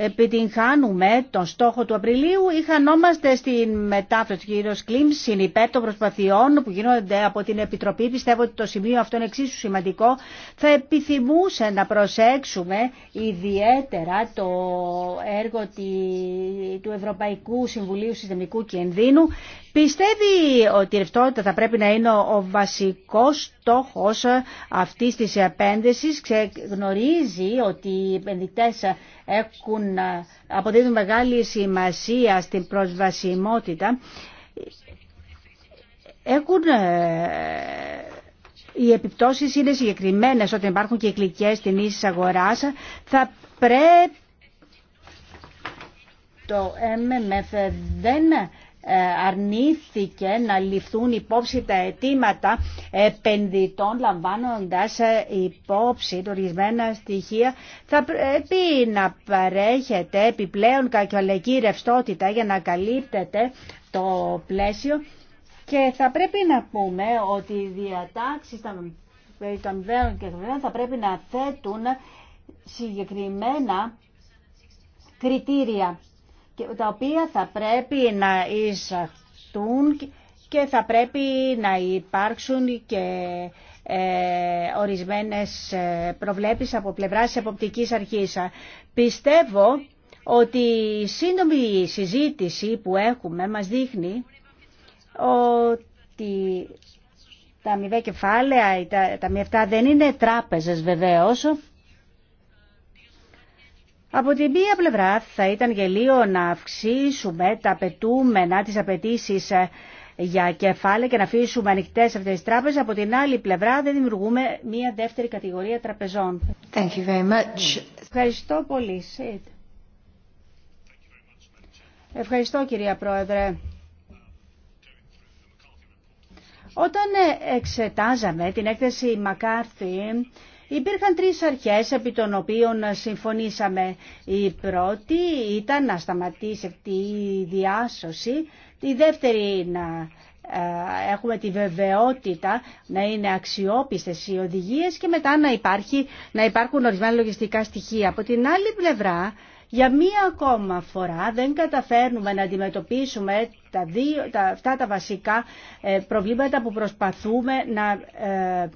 επιτυγχάνουμε τον στόχο του Απριλίου ή χανόμαστε στην μετάφραση. Ο κύριο Κλίμ συνυπέρ των προσπαθειών που γίνονται από την Επιτροπή. Πιστεύω ότι το σημείο αυτό είναι εξίσου σημαντικό. Θα επιθυμούσε να προσέξουμε ιδιαίτερα το έργο του Ευρωπαϊκού Συμβουλίου Συστημικού Κινδύνου. Πιστεύει ότι Είχανόμαστε θα πρέπει να είναι του κυριου κλιμ συνυπερ προσπαθειων που γινονται απο την επιτροπη πιστευω οτι το σημειο στόχος αυτής της επένδυσης. Ξεγνωρίζει ότι οι έχουν ε, αποδίδουν μεγάλη σημασία στην προσβασιμότητα έχουν ε, οι επιπτώσεις είναι συγκεκριμένες όταν υπάρχουν κυκλικές ίση αγοράς θα πρέπει το MMF δεν ε, αρνήθηκε να ληφθούν υπόψη τα αιτήματα επενδυτών λαμβάνοντας ε, υπόψη ορισμένα στοιχεία θα πρέπει ε, να παρέχεται επιπλέον κακιολική ρευστότητα για να καλύπτεται το πλαίσιο και θα πρέπει να πούμε ότι οι διατάξεις των και των θα πρέπει να θέτουν συγκεκριμένα κριτήρια τα οποία θα πρέπει να εισαχθούν και θα πρέπει να υπάρξουν και ε, ορισμένες ε, προβλέψεις από πλευράς εποπτικής αρχής. Πιστεύω ότι η σύντομη συζήτηση που έχουμε μας δείχνει ότι τα μηδέ κεφάλαια, τα, τα μη αυτά δεν είναι τράπεζες βεβαίως, από τη μία πλευρά θα ήταν γελίο να αυξήσουμε τα απαιτούμενα, τις απαιτήσει ε, για κεφάλαια και να αφήσουμε ανοιχτέ αυτέ τι τράπεζε. Από την άλλη πλευρά δεν δημιουργούμε μία δεύτερη κατηγορία τραπεζών. Thank you very much. Ευχαριστώ πολύ. Ευχαριστώ κυρία Πρόεδρε. Όταν ε, εξετάζαμε την έκθεση Μακάρθη, Υπήρχαν τρεις αρχές επί των οποίων συμφωνήσαμε. Η πρώτη ήταν να σταματήσει αυτή η διάσωση, τη δεύτερη να ε, έχουμε τη βεβαιότητα να είναι αξιόπιστες οι οδηγίες και μετά να, υπάρχει, να υπάρχουν ορισμένα λογιστικά στοιχεία. Από την άλλη πλευρά, για μία ακόμα φορά δεν καταφέρνουμε να αντιμετωπίσουμε τα δύο, τα, αυτά τα βασικά ε, προβλήματα που προσπαθούμε να ε,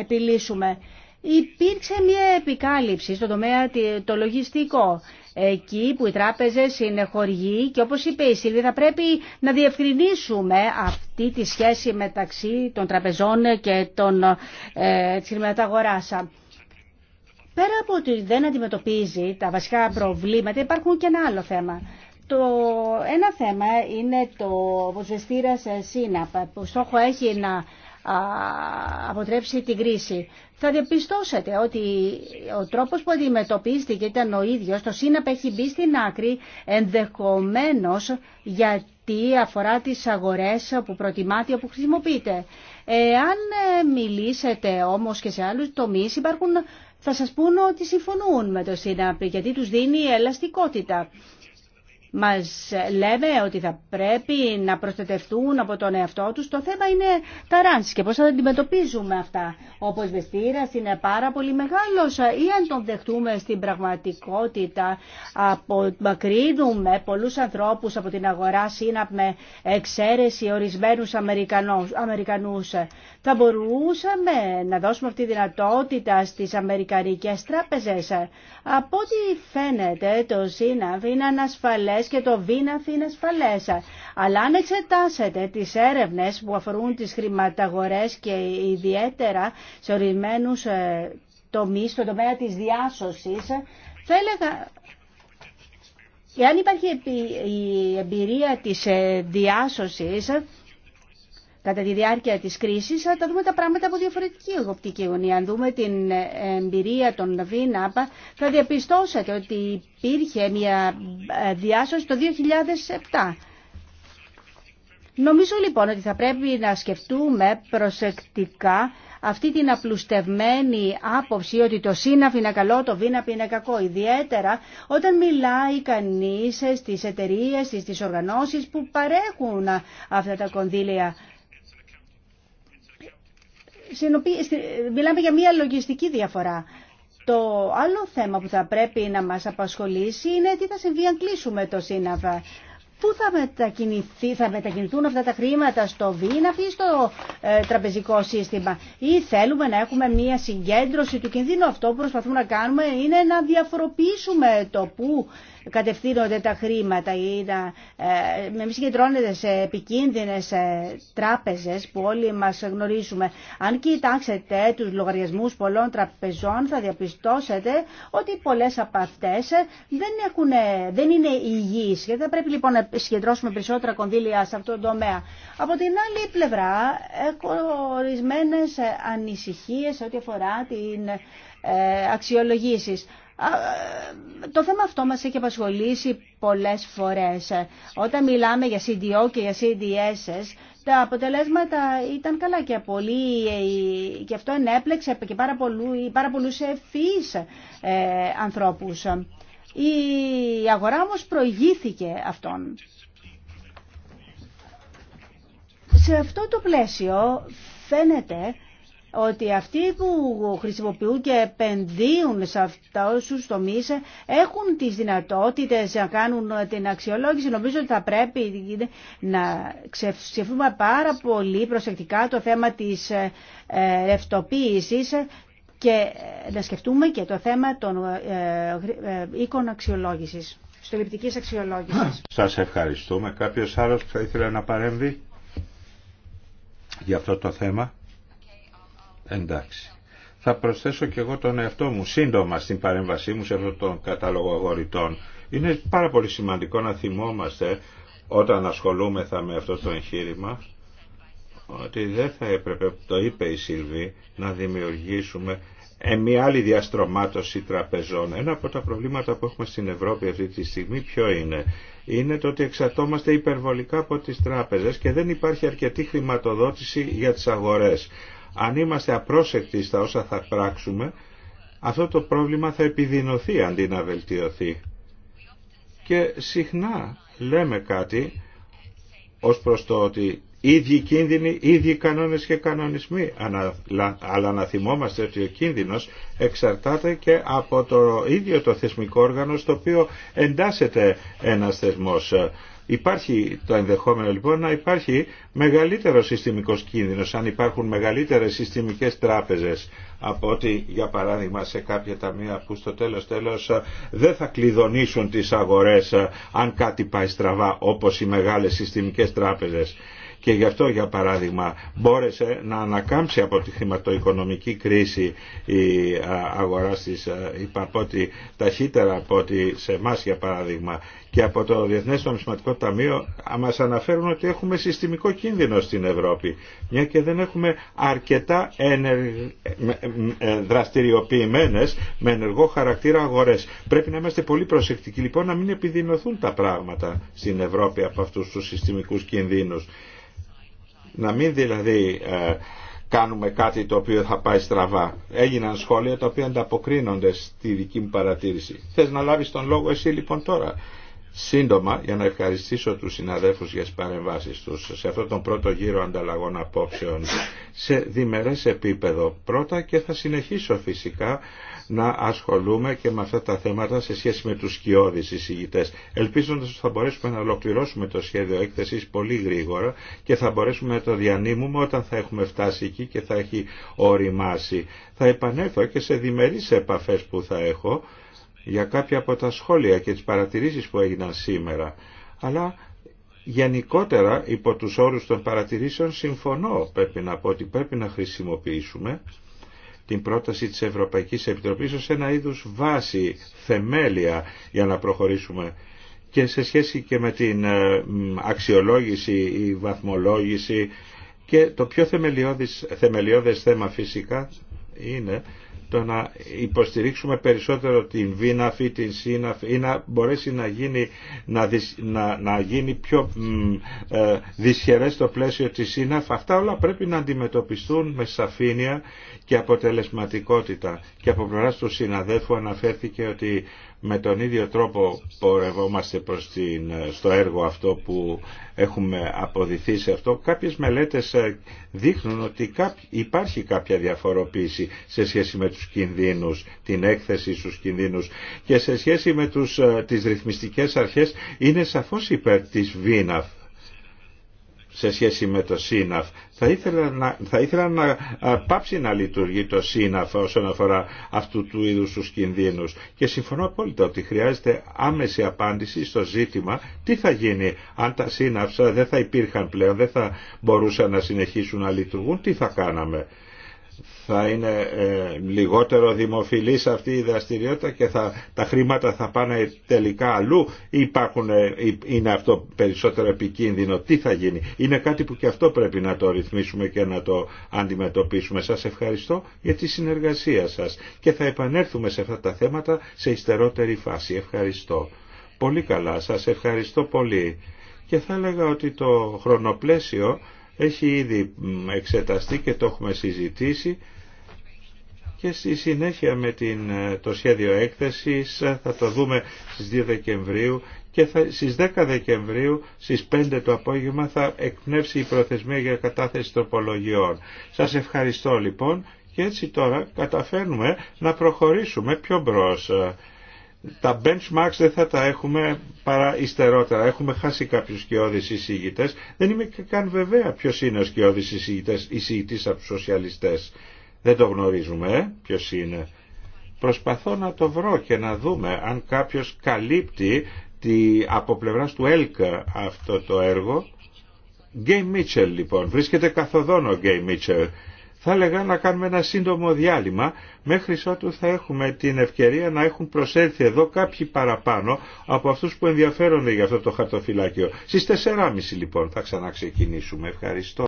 επιλύσουμε υπήρξε μια επικάλυψη στον τομέα το λογιστικό εκεί που οι τράπεζες είναι χορηγοί και όπως είπε η Σίλβη θα πρέπει να διευκρινίσουμε αυτή τη σχέση μεταξύ των τραπεζών και των, ε, Πέρα από ότι δεν αντιμετωπίζει τα βασικά προβλήματα υπάρχουν και ένα άλλο θέμα. Το ένα θέμα είναι το ζεστήρα σε ΣΥΝΑΠ που στόχο έχει να αποτρέψει την κρίση. Θα διαπιστώσετε ότι ο τρόπος που αντιμετωπίστηκε ήταν ο ίδιος. Το ΣΥΝΑΠ έχει μπει στην άκρη ενδεχομένως γιατί αφορά τις αγορές που προτιμάται που χρησιμοποιείτε. Εάν ε, μιλήσετε όμως και σε άλλους τομείς υπάρχουν θα σας πούνε ότι συμφωνούν με το ΣΥΝΑΠ γιατί τους δίνει ελαστικότητα μας λέμε ότι θα πρέπει να προστατευτούν από τον εαυτό τους. Το θέμα είναι τα ράνσεις και πώς θα αντιμετωπίζουμε αυτά. όπως βεστήρας είναι πάρα πολύ μεγάλος ή αν τον δεχτούμε στην πραγματικότητα απομακρύνουμε πολλούς ανθρώπους από την αγορά ΣΥΝΑΠ με εξαίρεση ορισμένους Αμερικανούς. Αμερικανούς. Θα μπορούσαμε να δώσουμε αυτή τη δυνατότητα στις Αμερικανικές τράπεζες. Από ό,τι φαίνεται το ΣΥΝΑΒ είναι ανασφαλές και το βίναθ είναι ασφαλές. Αλλά αν εξετάσετε τις έρευνες που αφορούν τις χρηματαγορές και ιδιαίτερα σε ορισμένους ε, τομείς, στον τομέα της διάσωσης, θα έλεγα Εάν υπάρχει η εμπειρία της ε, διάσωσης, κατά τη διάρκεια της κρίσης, θα τα δούμε τα πράγματα από διαφορετική οπτική γωνία. Αν δούμε την εμπειρία των ΒΙΝΑΠΑ θα διαπιστώσατε ότι υπήρχε μια ε, διάσωση το 2007. Νομίζω λοιπόν ότι θα πρέπει να σκεφτούμε προσεκτικά αυτή την απλουστευμένη άποψη ότι το σύναφ είναι καλό, το βίναπ είναι κακό. Ιδιαίτερα όταν μιλάει κανείς στις εταιρείες, στις οργανώσεις που παρέχουν αυτά τα κονδύλια μιλάμε για μια λογιστική διαφορά. Το άλλο θέμα που θα πρέπει να μας απασχολήσει είναι τι θα συμβεί αν κλείσουμε το σύναβα. Πού θα, μετακινηθεί, θα μετακινηθούν αυτά τα χρήματα στο ΒΙΝΑΦ ή στο ε, τραπεζικό σύστημα. Ή θέλουμε να έχουμε μια συγκέντρωση του κινδύνου. Αυτό που προσπαθούμε να κάνουμε είναι να διαφοροποιήσουμε το πού κατευθύνονται τα χρήματα ή να ε, μην συγκεντρώνεται σε επικίνδυνες ε, τράπεζες που όλοι μας γνωρίζουμε. Αν κοιτάξετε τους λογαριασμούς πολλών τραπεζών θα διαπιστώσετε ότι πολλές από αυτές δεν, ε, δεν είναι υγιείς και θα πρέπει λοιπόν να συγκεντρώσουμε περισσότερα κονδύλια σε αυτό το τομέα. Από την άλλη πλευρά έχω ορισμένες ανησυχίες ό,τι αφορά την αξιολογήσεις το θέμα αυτό μας έχει απασχολήσει πολλές φορές. Όταν μιλάμε για CDO και για CDS, τα αποτελέσματα ήταν καλά και, πολύ, ε, και αυτό ενέπλεξε και πάρα, πολλού, πάρα πολλούς ε, ανθρώπους. Η αγορά όμως προηγήθηκε αυτόν. Σε αυτό το πλαίσιο φαίνεται ότι αυτοί που χρησιμοποιούν και επενδύουν σε αυτούς τους τομείς έχουν τις δυνατότητες να κάνουν την αξιολόγηση. Νομίζω ότι θα πρέπει να ξεφύγουμε πάρα πολύ προσεκτικά το θέμα της ε, ρευτοποίησης και να σκεφτούμε και το θέμα των ε, ε, οίκων αξιολόγησης, στολυπτικής αξιολόγησης.
Σας ευχαριστούμε. Κάποιος άλλος που θα ήθελε να παρέμβει για αυτό το θέμα. Εντάξει. Θα προσθέσω και εγώ τον εαυτό μου σύντομα στην παρέμβασή μου σε αυτόν τον κατάλογο αγοριτών. Είναι πάρα πολύ σημαντικό να θυμόμαστε όταν ασχολούμεθα με αυτό το εγχείρημα ότι δεν θα έπρεπε, το είπε η Σιλβή, να δημιουργήσουμε ε, μια άλλη διαστρωμάτωση τραπεζών. Ένα από τα προβλήματα που έχουμε στην Ευρώπη αυτή τη στιγμή ποιο είναι. Είναι το ότι εξαρτώμαστε υπερβολικά από τις τράπεζες και δεν υπάρχει αρκετή χρηματοδότηση για τις αγορές αν είμαστε απρόσεκτοι στα όσα θα πράξουμε, αυτό το πρόβλημα θα επιδεινωθεί αντί να βελτιωθεί. Και συχνά λέμε κάτι ως προς το ότι ίδιοι κίνδυνοι, ίδιοι κανόνες και κανονισμοί. Αλλά να θυμόμαστε ότι ο κίνδυνος εξαρτάται και από το ίδιο το θεσμικό όργανο στο οποίο εντάσσεται ένας θεσμός. Υπάρχει το ενδεχόμενο λοιπόν να υπάρχει μεγαλύτερο συστημικός κίνδυνος αν υπάρχουν μεγαλύτερες συστημικές τράπεζες από ότι για παράδειγμα σε κάποια ταμεία που στο τέλος τέλος δεν θα κλειδονίσουν τις αγορές αν κάτι πάει στραβά όπως οι μεγάλες συστημικές τράπεζες. Και γι' αυτό, για παράδειγμα, μπόρεσε να ανακάμψει από τη χρηματοοικονομική κρίση η αγορά της είπα, ταχύτερα από ότι σε εμά, για παράδειγμα και από το Διεθνές Νομισματικό Ταμείο μας αναφέρουν ότι έχουμε συστημικό κίνδυνο στην Ευρώπη, μια και δεν έχουμε αρκετά ε, δραστηριοποιημένες με ενεργό χαρακτήρα αγορές. Πρέπει να είμαστε πολύ προσεκτικοί λοιπόν να μην επιδεινωθούν τα πράγματα στην Ευρώπη από αυτούς τους συστημικούς κινδύνους. Να μην δηλαδή ε, κάνουμε κάτι το οποίο θα πάει στραβά. Έγιναν σχόλια τα οποία ανταποκρίνονται στη δική μου παρατήρηση. Θες να λάβεις τον λόγο εσύ λοιπόν τώρα σύντομα για να ευχαριστήσω τους συναδέλφους για τις παρεμβάσεις τους σε αυτόν τον πρώτο γύρο ανταλλαγών απόψεων σε διμερές επίπεδο πρώτα και θα συνεχίσω φυσικά να ασχολούμαι και με αυτά τα θέματα σε σχέση με τους σκιώδεις εισηγητές ελπίζοντας ότι θα μπορέσουμε να ολοκληρώσουμε το σχέδιο έκθεσης πολύ γρήγορα και θα μπορέσουμε να το διανύμουμε όταν θα έχουμε φτάσει εκεί και θα έχει οριμάσει. Θα επανέλθω και σε διμερείς επαφές που θα έχω για κάποια από τα σχόλια και τις παρατηρήσεις που έγιναν σήμερα. Αλλά γενικότερα υπό τους όρους των παρατηρήσεων συμφωνώ πρέπει να πω ότι πρέπει να χρησιμοποιήσουμε την πρόταση της Ευρωπαϊκής Επιτροπής ως ένα είδους βάση, θεμέλια για να προχωρήσουμε και σε σχέση και με την ε, αξιολόγηση ή βαθμολόγηση και το πιο θεμελιώδες, θέμα φυσικά είναι το να υποστηρίξουμε περισσότερο την βίναφη, την σύναφη ή να μπορέσει να γίνει, να, γίνει πιο ε, δυσχερές στο πλαίσιο της σύναφ. Αυτά όλα πρέπει να αντιμετωπιστούν με σαφήνεια και αποτελεσματικότητα. Και από πλευρά του συναδέλφου αναφέρθηκε ότι με τον ίδιο τρόπο πορευόμαστε προς την, στο έργο αυτό που έχουμε αποδηθεί σε αυτό, κάποιες μελέτες ε, δείχνουν ότι υπάρχει κάποια διαφοροποίηση σε σχέση με τους κινδύνους, την έκθεση στους κινδύνους και σε σχέση με τους, ε, τις ρυθμιστικές αρχές είναι σαφώς υπέρ της ΒΙΝΑΦ σε σχέση με το ΣΥΝΑΦ. Θα ήθελα να, θα να πάψει να λειτουργεί το ΣΥΝΑΦ όσον αφορά αυτού του είδους τους κινδύνους. Και συμφωνώ απόλυτα ότι χρειάζεται άμεση απάντηση στο ζήτημα τι θα γίνει αν τα ΣΥΝΑΦ δεν θα υπήρχαν πλέον, δεν θα μπορούσαν να συνεχίσουν να λειτουργούν, τι θα κάναμε θα είναι ε, λιγότερο δημοφιλής αυτή η δραστηριότητα και θα, τα χρήματα θα πάνε τελικά αλλού ή υπάρχουν, ε, είναι αυτό περισσότερο επικίνδυνο. Τι θα γίνει. Είναι κάτι που και αυτό πρέπει να το ρυθμίσουμε και να το αντιμετωπίσουμε. Σας ευχαριστώ για τη συνεργασία σας και θα επανέλθουμε σε αυτά τα θέματα σε υστερότερη φάση. Ευχαριστώ. Πολύ καλά. Σας ευχαριστώ πολύ. Και θα έλεγα ότι το χρονοπλαίσιο έχει ήδη εξεταστεί και το έχουμε συζητήσει και στη συνέχεια με την, ε, το σχέδιο έκθεσης ε, θα το δούμε στις 2 Δεκεμβρίου και θα, στις 10 Δεκεμβρίου στις 5 το απόγευμα θα εκπνεύσει η προθεσμία για κατάθεση τροπολογιών. Σας ευχαριστώ λοιπόν και έτσι τώρα καταφέρνουμε να προχωρήσουμε πιο μπρος ε, τα benchmarks δεν θα τα έχουμε παρά υστερότερα. Έχουμε χάσει κάποιους σκιώδεις εισηγητές. Δεν είμαι καν βέβαια ποιος είναι ο σκιώδης εισηγητή εισηγητής από τους Δεν το γνωρίζουμε ε, ποιος είναι. Προσπαθώ να το βρω και να δούμε αν κάποιος καλύπτει τη, από πλευράς του ΕΛΚΑ αυτό το έργο. Γκέι Μίτσελ λοιπόν, βρίσκεται καθοδόν ο Γκέι Μίτσελ θα έλεγα να κάνουμε ένα σύντομο διάλειμμα μέχρι ότου θα έχουμε την ευκαιρία να έχουν προσέλθει εδώ κάποιοι παραπάνω από αυτούς που ενδιαφέρονται για αυτό το χαρτοφυλάκιο. Στις 4.30 λοιπόν θα ξαναξεκινήσουμε. Ευχαριστώ.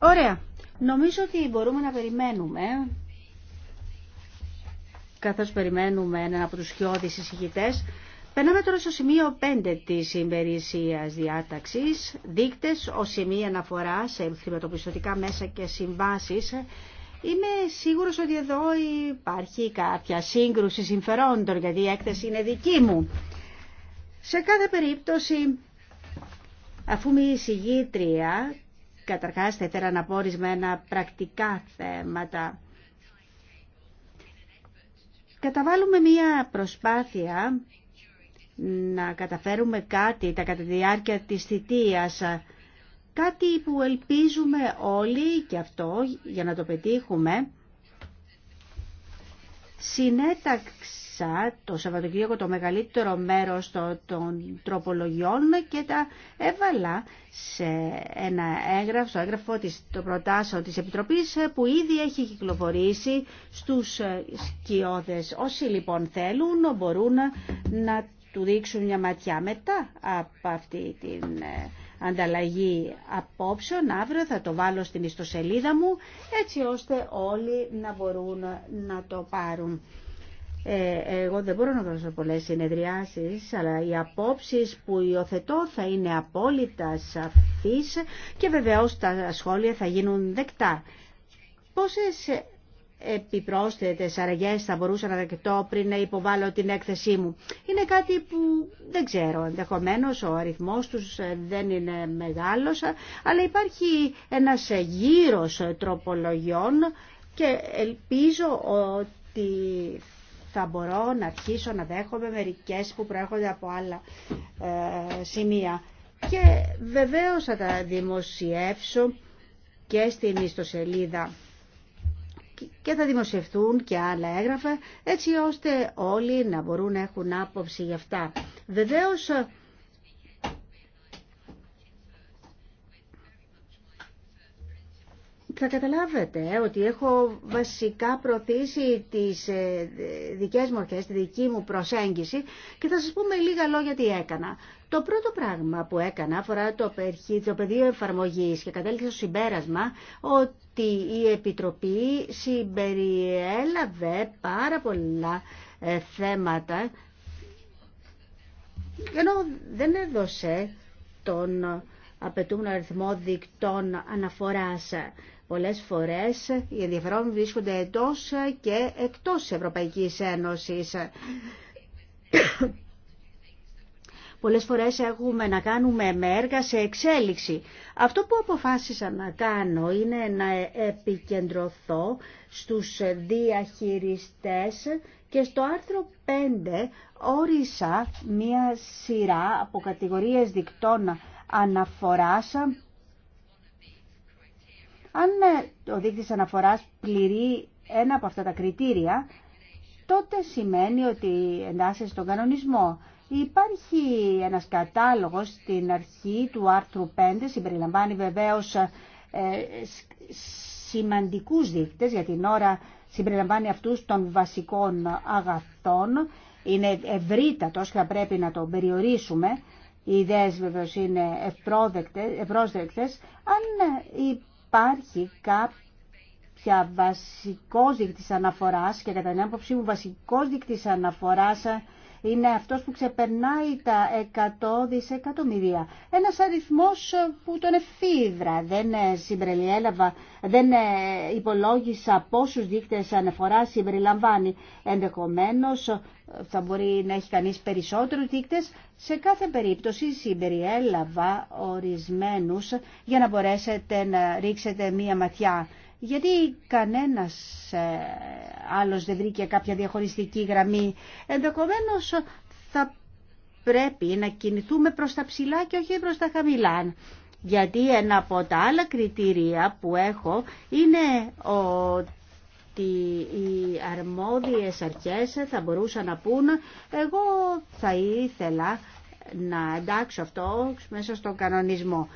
Ωραία. Νομίζω ότι μπορούμε να περιμένουμε. Καθώς περιμένουμε έναν από τους χιώδεις εισηγητές, περνάμε τώρα στο σημείο 5 της ημερησίας διάταξης, δείκτες ως σημείο αναφορά σε χρηματοπιστωτικά μέσα και συμβάσεις. Είμαι σίγουρος ότι εδώ υπάρχει κάποια σύγκρουση συμφερόντων, γιατί η έκθεση είναι δική μου. Σε κάθε περίπτωση Αφού είμαι συγγήτρια, καταρχάς θα ήθελα να πω ορισμένα πρακτικά θέματα. Καταβάλουμε μία προσπάθεια να καταφέρουμε κάτι τα κατά τη διάρκεια της θητείας, κάτι που ελπίζουμε όλοι και αυτό για να το πετύχουμε, συνέταξη το Σαββατοκύριακο το μεγαλύτερο μέρος των τροπολογιών και τα έβαλα σε ένα έγγραφο, στο έγγραφο της, το της Επιτροπής ε, που ήδη έχει κυκλοφορήσει στους ε, σκιώδες. Όσοι λοιπόν θέλουν μπορούν να του δείξουν μια ματιά μετά από αυτή την ε, ανταλλαγή απόψεων. Αύριο θα το βάλω στην ιστοσελίδα μου έτσι ώστε όλοι να μπορούν να το πάρουν. Ε, εγώ δεν μπορώ να δώσω πολλές συνεδριάσεις, αλλά οι απόψεις που υιοθετώ θα είναι απόλυτα σαφείς και βεβαίως τα σχόλια θα γίνουν δεκτά. Πόσες επιπρόσθετες αραγές θα μπορούσα να δεκτώ πριν να υποβάλω την έκθεσή μου. Είναι κάτι που δεν ξέρω. Ενδεχομένω ο αριθμός τους δεν είναι μεγάλος, αλλά υπάρχει ένας γύρος τροπολογιών και ελπίζω ότι θα μπορώ να αρχίσω να δέχομαι μερικές που προέρχονται από άλλα ε, σημεία. Και βεβαίως θα τα δημοσιεύσω και στην ιστοσελίδα και θα δημοσιευτούν και άλλα έγγραφα έτσι ώστε όλοι να μπορούν να έχουν άποψη γι' αυτά. Βεβαίως θα καταλάβετε ότι έχω βασικά προωθήσει τις ε, δικές μου αρχές, τη δική μου προσέγγιση και θα σας πούμε λίγα λόγια τι έκανα. Το πρώτο πράγμα που έκανα αφορά το, το πεδίο εφαρμογής και κατέληξα στο συμπέρασμα ότι η Επιτροπή συμπεριέλαβε πάρα πολλά ε, θέματα ενώ δεν έδωσε τον απαιτούμενο αριθμό δικτών αναφοράς Πολλές φορές οι ενδιαφερόμενοι βρίσκονται εντός και εκτός της Ευρωπαϊκής Ένωσης. Πολλές φορές έχουμε να κάνουμε με έργα σε εξέλιξη. Αυτό που αποφάσισα να κάνω είναι να επικεντρωθώ στους διαχειριστές και στο άρθρο 5 όρισα μία σειρά από κατηγορίες δικτών αναφοράς αν ε, ο δείκτης αναφοράς πληρεί ένα από αυτά τα κριτήρια, τότε σημαίνει ότι εντάσσεται στον κανονισμό. Υπάρχει ένας κατάλογος στην αρχή του άρθρου 5, συμπεριλαμβάνει βεβαίως ε, σημαντικούς δείκτες, για την ώρα συμπεριλαμβάνει αυτούς των βασικών αγαθών. Είναι ευρύτατος και θα πρέπει να τον περιορίσουμε. Οι ιδέες βεβαίως είναι ευπρόσδεκτες. Αν ε, υπάρχει κάποια βασικός δείκτης αναφοράς και κατά την άποψή μου βασικός δείκτης αναφοράς είναι αυτός που ξεπερνάει τα 100 δισεκατομμύρια. Ένας αριθμός ε, που τον εφήβρα. Δεν ε, συμπεριέλαβα, δεν ε, υπολόγισα πόσους δείκτες ανεφορά συμπεριλαμβάνει. Ενδεχομένως θα μπορεί να έχει κανείς περισσότερους δείκτες. Σε κάθε περίπτωση συμπεριέλαβα ορισμένους για να μπορέσετε να ρίξετε μία ματιά γιατί κανένας ε, άλλος δεν βρήκε κάποια διαχωριστική γραμμή. Ενδεχομένως θα πρέπει να κινηθούμε προς τα ψηλά και όχι προς τα χαμηλά. Γιατί ένα από τα άλλα κριτήρια που έχω είναι ότι οι αρμόδιες αρχές θα μπορούσαν να πούν εγώ θα ήθελα να εντάξω αυτό μέσα στον κανονισμό.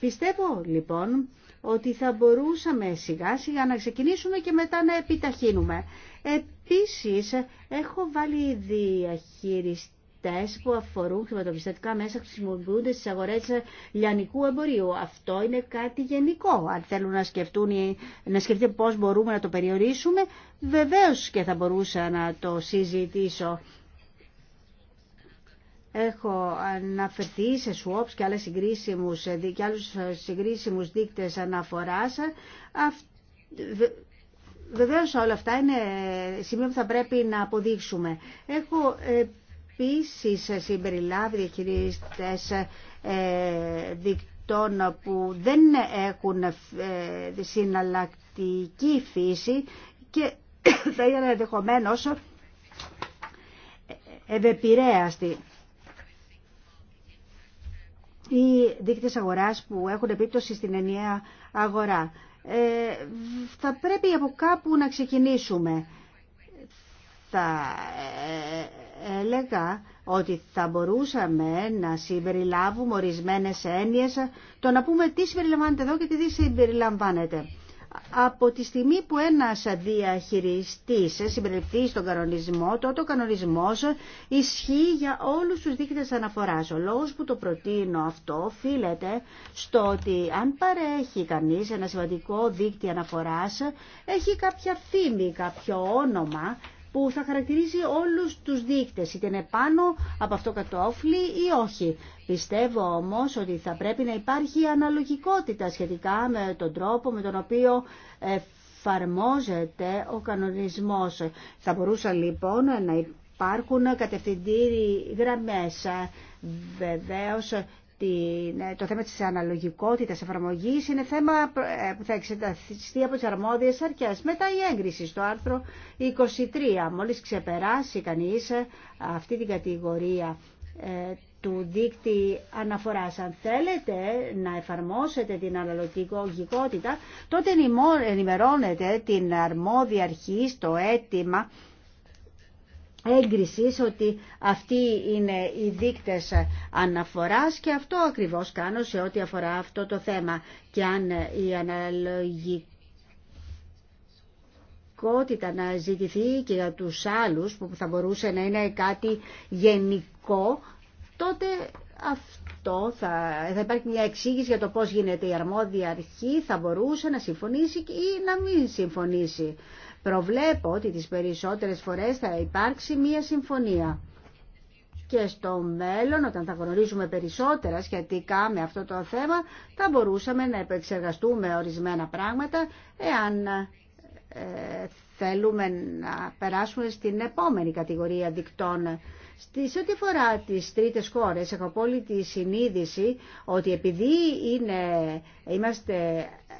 Πιστεύω λοιπόν ότι θα μπορούσαμε σιγά σιγά να ξεκινήσουμε και μετά να επιταχύνουμε. Επίσης, έχω βάλει διαχειριστή που αφορούν χρηματοπιστωτικά μέσα χρησιμοποιούνται στι αγορέ λιανικού εμπορίου. Αυτό είναι κάτι γενικό. Αν θέλουν να σκεφτούν, να σκεφτείτε πώ μπορούμε να το περιορίσουμε, βεβαίως και θα μπορούσα να το συζητήσω. Έχω αναφερθεί σε swaps και, άλλες συγκρίσιμους, και άλλους συγκρίσιμους δείκτες αναφοράς. Βεβαίως όλα αυτά είναι σημεία που θα πρέπει να αποδείξουμε. Έχω επίσης συμπεριλάβει διαχειριστές ε, δικτών που δεν έχουν ε, συναλλακτική φύση και θα είναι ενδεχομένω ευεπηρέαστη ή δείκτες αγοράς που έχουν επίπτωση στην ενιαία αγορά. Ε, θα πρέπει από κάπου να ξεκινήσουμε. Θα ε, έλεγα ότι θα μπορούσαμε να συμπεριλάβουμε ορισμένες έννοιες, το να πούμε τι συμπεριλαμβάνεται εδώ και τι δεν συμπεριλαμβάνεται από τη στιγμή που ένας διαχειριστής συμπεριληφθεί στον κανονισμό, τότε ο κανονισμός ισχύει για όλους τους δείκτες αναφοράς. Ο λόγος που το προτείνω αυτό οφείλεται στο ότι αν παρέχει κανείς ένα σημαντικό δείκτη αναφοράς, έχει κάποια φήμη, κάποιο όνομα που θα χαρακτηρίζει όλους τους δείκτες, είτε είναι πάνω από αυτό κατόφλι ή όχι. Πιστεύω όμως ότι θα πρέπει να υπάρχει αναλογικότητα σχετικά με τον τρόπο με τον οποίο εφαρμόζεται ο κανονισμός. Θα μπορούσα λοιπόν να υπάρχουν κατευθυντήριοι γραμμές. Βεβαίως ε, το θέμα της αναλογικότητας εφαρμογής είναι θέμα ε, που θα εξεταστεί από τις αρμόδιες αρχές. Μετά η έγκριση στο άρθρο 23. Μόλις ξεπεράσει κανείς ε, αυτή την κατηγορία του δίκτυ αναφοράς. Αν θέλετε να εφαρμόσετε την αναλογικότητα, τότε ενημερώνετε την αρμόδια αρχή στο αίτημα έγκρισης ότι αυτοί είναι οι δείκτες αναφοράς και αυτό ακριβώς κάνω σε ό,τι αφορά αυτό το θέμα και αν η αναλογικότητα να ζητηθεί και για τους άλλους που θα μπορούσε να είναι κάτι γενικό, τότε αυτό θα, θα υπάρχει μια εξήγηση για το πώς γίνεται η αρμόδια αρχή, θα μπορούσε να συμφωνήσει ή να μην συμφωνήσει. Προβλέπω ότι τις περισσότερες φορές θα υπάρξει μία συμφωνία. Και στο μέλλον, όταν θα γνωρίζουμε περισσότερα σχετικά με αυτό το θέμα, θα μπορούσαμε να επεξεργαστούμε ορισμένα πράγματα, εάν ε, θέλουμε να περάσουμε στην επόμενη κατηγορία δικτών στη ό,τι αφορά τι τρίτε χώρε, έχω τη συνείδηση ότι επειδή είμαστε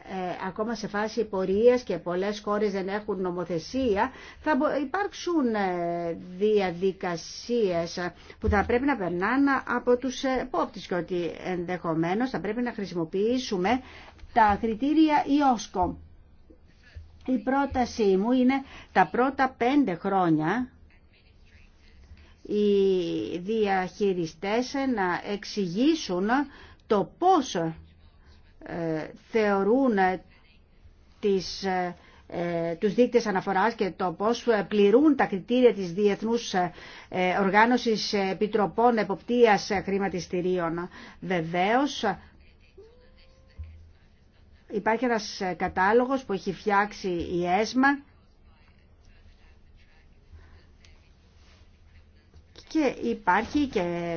ε, ακόμα σε φάση πορεία και πολλές χώρε δεν έχουν νομοθεσία, θα υπάρξουν ε, διαδικασίες που θα πρέπει να περνάνε από τους ε, επόπτε και ότι ενδεχομένως θα πρέπει να χρησιμοποιήσουμε τα κριτήρια ΙΟΣΚΟ. Η πρότασή μου είναι τα πρώτα πέντε χρόνια οι διαχειριστές να εξηγήσουν το πώς ε, θεωρούν τις, ε, ε, τους δίκτες αναφοράς και το πώς πληρούν τα κριτήρια της Διεθνούς Οργάνωσης Επιτροπών Εποπτείας Χρηματιστηρίων. Βεβαίως, υπάρχει ένας κατάλογος που έχει φτιάξει η ΕΣΜΑ και υπάρχει και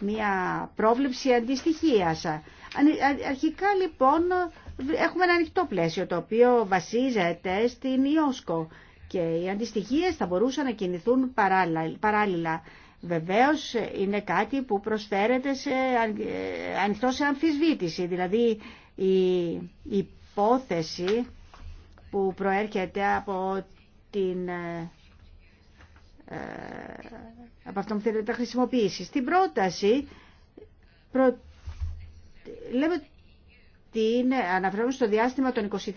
μια πρόβληψη αντιστοιχίας. Αρχικά λοιπόν έχουμε ένα ανοιχτό πλαίσιο το οποίο βασίζεται στην Ιόσκο και οι αντιστοιχίες θα μπορούσαν να κινηθούν παράλληλα. Βεβαίως είναι κάτι που προσφέρεται σε, ε, ανοιχτό σε αμφισβήτηση, δηλαδή η υπόθεση που προέρχεται από την ε, ε, από αυτό που θέλετε να χρησιμοποιήσει. Στην πρόταση προ... λέμε στο διάστημα των 24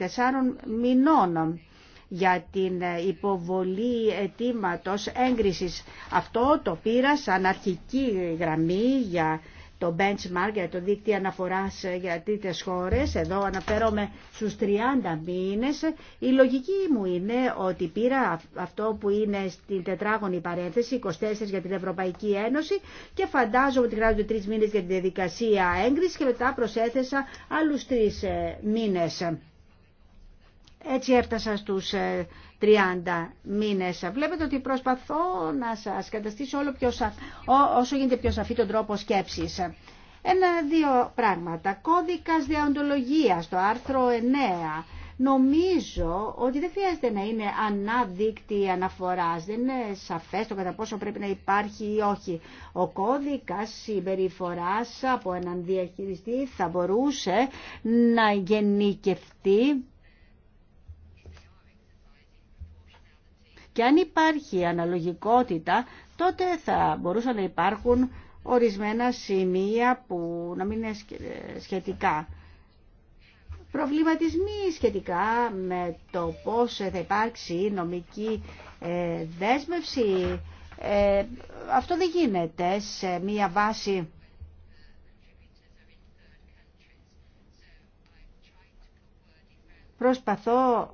μηνών για την ε, υποβολή αιτήματο έγκρισης. Αυτό το πήρα σαν αρχική γραμμή για το benchmark για το δίκτυο αναφοράς ε, για τρίτες χώρες. Εδώ αναφέρομαι στους 30 μήνες. Η λογική μου είναι ότι πήρα αυτό που είναι στην τετράγωνη παρένθεση, 24 για την Ευρωπαϊκή Ένωση και φαντάζομαι ότι χρειάζονται 3 μήνες για τη διαδικασία έγκριση και μετά προσέθεσα άλλους 3 ε, μήνες. Έτσι έφτασα στους ε, 30 μήνες. Βλέπετε ότι προσπαθώ να σας καταστήσω όλο πιο σα... όσο γίνεται πιο σαφή τον τρόπο σκέψης. Ένα-δύο πράγματα. Κώδικας διαοντολογίας, το άρθρο 9. Νομίζω ότι δεν χρειάζεται να είναι ανάδεικτη αναφορά. Δεν είναι σαφές το κατά πόσο πρέπει να υπάρχει ή όχι. Ο κώδικας συμπεριφοράς από έναν διαχειριστή θα μπορούσε να γενικευτεί Και αν υπάρχει αναλογικότητα, τότε θα μπορούσαν να υπάρχουν ορισμένα σημεία που να μην είναι σχετικά. Προβληματισμοί σχετικά με το πώς θα υπάρξει νομική ε, δέσμευση. Ε, αυτό δεν γίνεται σε μία βάση... Προσπαθώ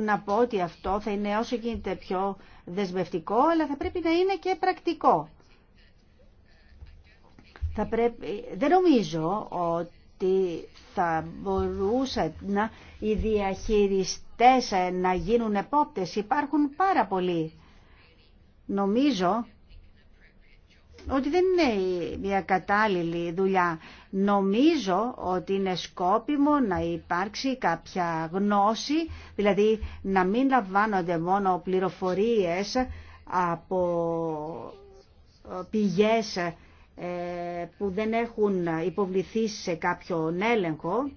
να πω ότι αυτό θα είναι όσο γίνεται πιο δεσμευτικό, αλλά θα πρέπει να είναι και πρακτικό. Θα πρέπει, δεν νομίζω ότι θα μπορούσαν να, οι διαχειριστές να γίνουν επόπτες. Υπάρχουν πάρα πολλοί. Νομίζω ότι δεν είναι μια κατάλληλη δουλειά. Νομίζω ότι είναι σκόπιμο να υπάρξει κάποια γνώση, δηλαδή να μην λαμβάνονται μόνο πληροφορίες από ε, πηγές ε, που δεν έχουν υποβληθεί σε κάποιον έλεγχο.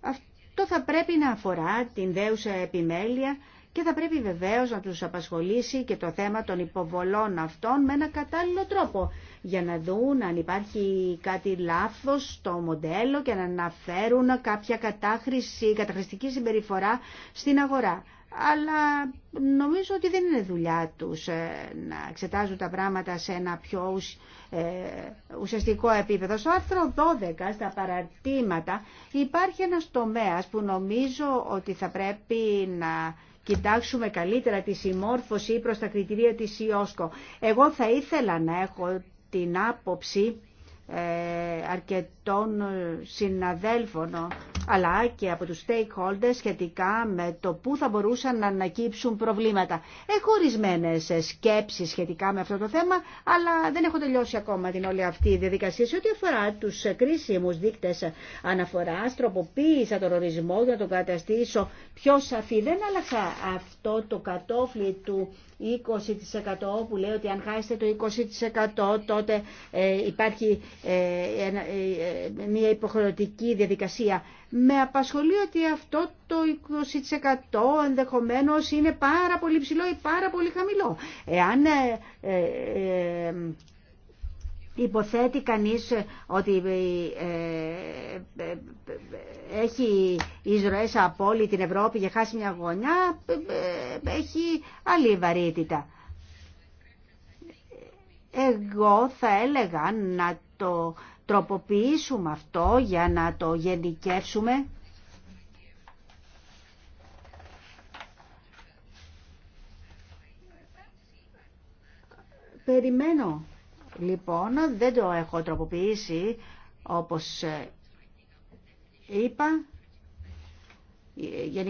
Αυτό θα πρέπει να αφορά την δέουσα επιμέλεια και θα πρέπει βεβαίως να τους απασχολήσει και το θέμα των υποβολών αυτών με ένα κατάλληλο τρόπο για να δουν αν υπάρχει κάτι λάθος στο μοντέλο και να αναφέρουν κάποια κατάχρηση, καταχρηστική συμπεριφορά στην αγορά. Αλλά νομίζω ότι δεν είναι δουλειά τους ε, να εξετάζουν τα πράγματα σε ένα πιο ε, ουσιαστικό επίπεδο. Στο άρθρο 12, στα παρατήματα, υπάρχει ένας τομέας που νομίζω ότι θα πρέπει να κοιτάξουμε καλύτερα τη συμμόρφωση προς τα κριτηρία της ΙΟΣΚΟ. Εγώ θα ήθελα να έχω την άποψη ε, αρκετή των ε, συναδέλφων αλλά και από τους stakeholders σχετικά με το πού θα μπορούσαν να ανακύψουν προβλήματα. Έχω ορισμένε ε, σκέψεις σχετικά με αυτό το θέμα, αλλά δεν έχω τελειώσει ακόμα την όλη αυτή η διαδικασία. Σε ό,τι αφορά τους ε, κρίσιμους δείκτες αναφοράς, τροποποίησα τον ορισμό για να τον καταστήσω πιο σαφή. Δεν άλλαξα αυτό το κατόφλι του 20% που λέει ότι αν χάσετε το 20% τότε υπάρχει μια υποχρεωτική διαδικασία. Με απασχολεί ότι αυτό το 20% ενδεχομένως είναι πάρα πολύ ψηλό ή πάρα πολύ χαμηλό. Εάν ε, ε, ε, υποθέτει κανείς ότι έχει εισρωές από όλη την Ευρώπη και χάσει μια γωνιά, έχει άλλη βαρύτητα. Εγώ θα έλεγα να το τροποποιήσουμε αυτό για να το γενικεύσουμε. Περιμένω. Λοιπόν, δεν το έχω τροποποιήσει όπως ε, είπα.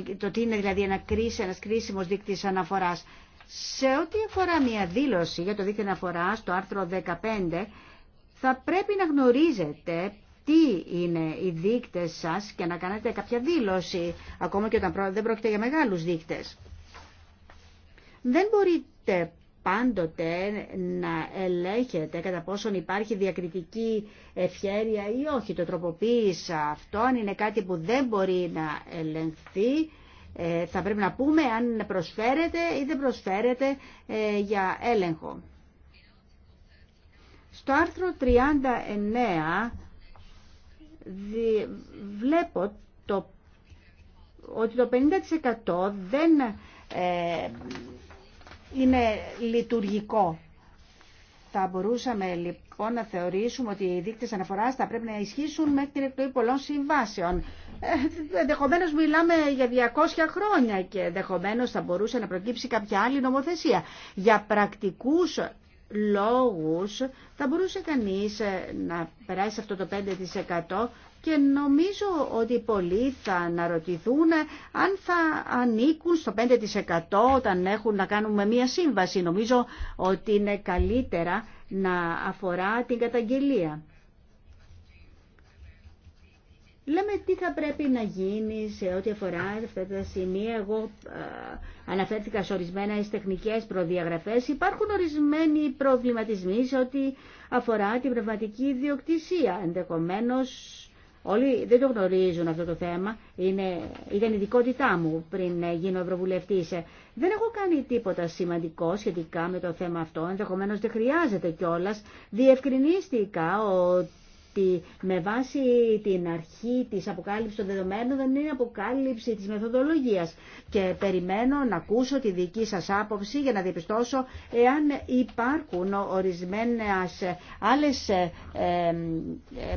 Ε, το τι είναι δηλαδή ένα κρίση, ένας κρίσιμος δείκτης αναφοράς. Σε ό,τι αφορά μια δήλωση για το δίκτυο αναφοράς, το άρθρο 15, θα πρέπει να γνωρίζετε τι είναι οι δείκτες σας και να κάνετε κάποια δήλωση, ακόμα και όταν δεν πρόκειται για μεγάλους δείκτες. Δεν μπορείτε πάντοτε να ελέγχετε κατά πόσον υπάρχει διακριτική ευχέρεια ή όχι. Το τροποποίησα αυτό, αν είναι κάτι που δεν μπορεί να ελεγχθεί, ε, θα πρέπει να πούμε αν προσφέρεται ή δεν προσφέρεται ε, για έλεγχο. Στο άρθρο 39 βλέπω το... ότι το 50% δεν ε, είναι λειτουργικό. Θα μπορούσαμε λοιπόν να θεωρήσουμε ότι οι δείκτες αναφοράς θα πρέπει να ισχύσουν μέχρι την εκπνοή πολλών συμβάσεων. Ε, ενδεχομένω μιλάμε για 200 χρόνια και ενδεχομένω θα μπορούσε να προκύψει κάποια άλλη νομοθεσία. Για πρακτικούς λόγους θα μπορούσε κανείς ε, να περάσει αυτό το 5% και νομίζω ότι πολλοί θα αναρωτηθούν αν θα ανήκουν στο 5% όταν έχουν να κάνουν με μία σύμβαση. Νομίζω ότι είναι καλύτερα να αφορά την καταγγελία. Λέμε τι θα πρέπει να γίνει σε ό,τι αφορά αυτά τα σημεία. Εγώ ε, αναφέρθηκα σε ορισμένα ορισμένε τεχνικέ προδιαγραφέ. Υπάρχουν ορισμένοι προβληματισμοί σε ό,τι αφορά την πνευματική ιδιοκτησία. Ενδεχομένω όλοι δεν το γνωρίζουν αυτό το θέμα. Είναι, ήταν η δικότητά μου πριν ε, γίνω Ευρωβουλευτή. Ε, δεν έχω κάνει τίποτα σημαντικό σχετικά με το θέμα αυτό. Ενδεχομένω δεν χρειάζεται κιόλα. Διευκρινίστηκα ότι ότι με βάση την αρχή της αποκάλυψης των δεδομένων δεν είναι αποκάλυψη της μεθοδολογίας και περιμένω να ακούσω τη δική σας άποψη για να διαπιστώσω εάν υπάρχουν ορισμένες άλλες ε, ε,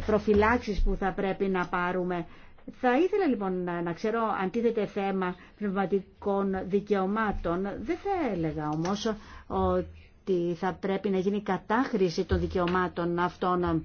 προφυλάξεις που θα πρέπει να πάρουμε. Θα ήθελα λοιπόν να ξέρω αν τίθεται θέμα πνευματικών δικαιωμάτων. Δεν θα έλεγα όμως ότι θα πρέπει να γίνει κατάχρηση των δικαιωμάτων αυτών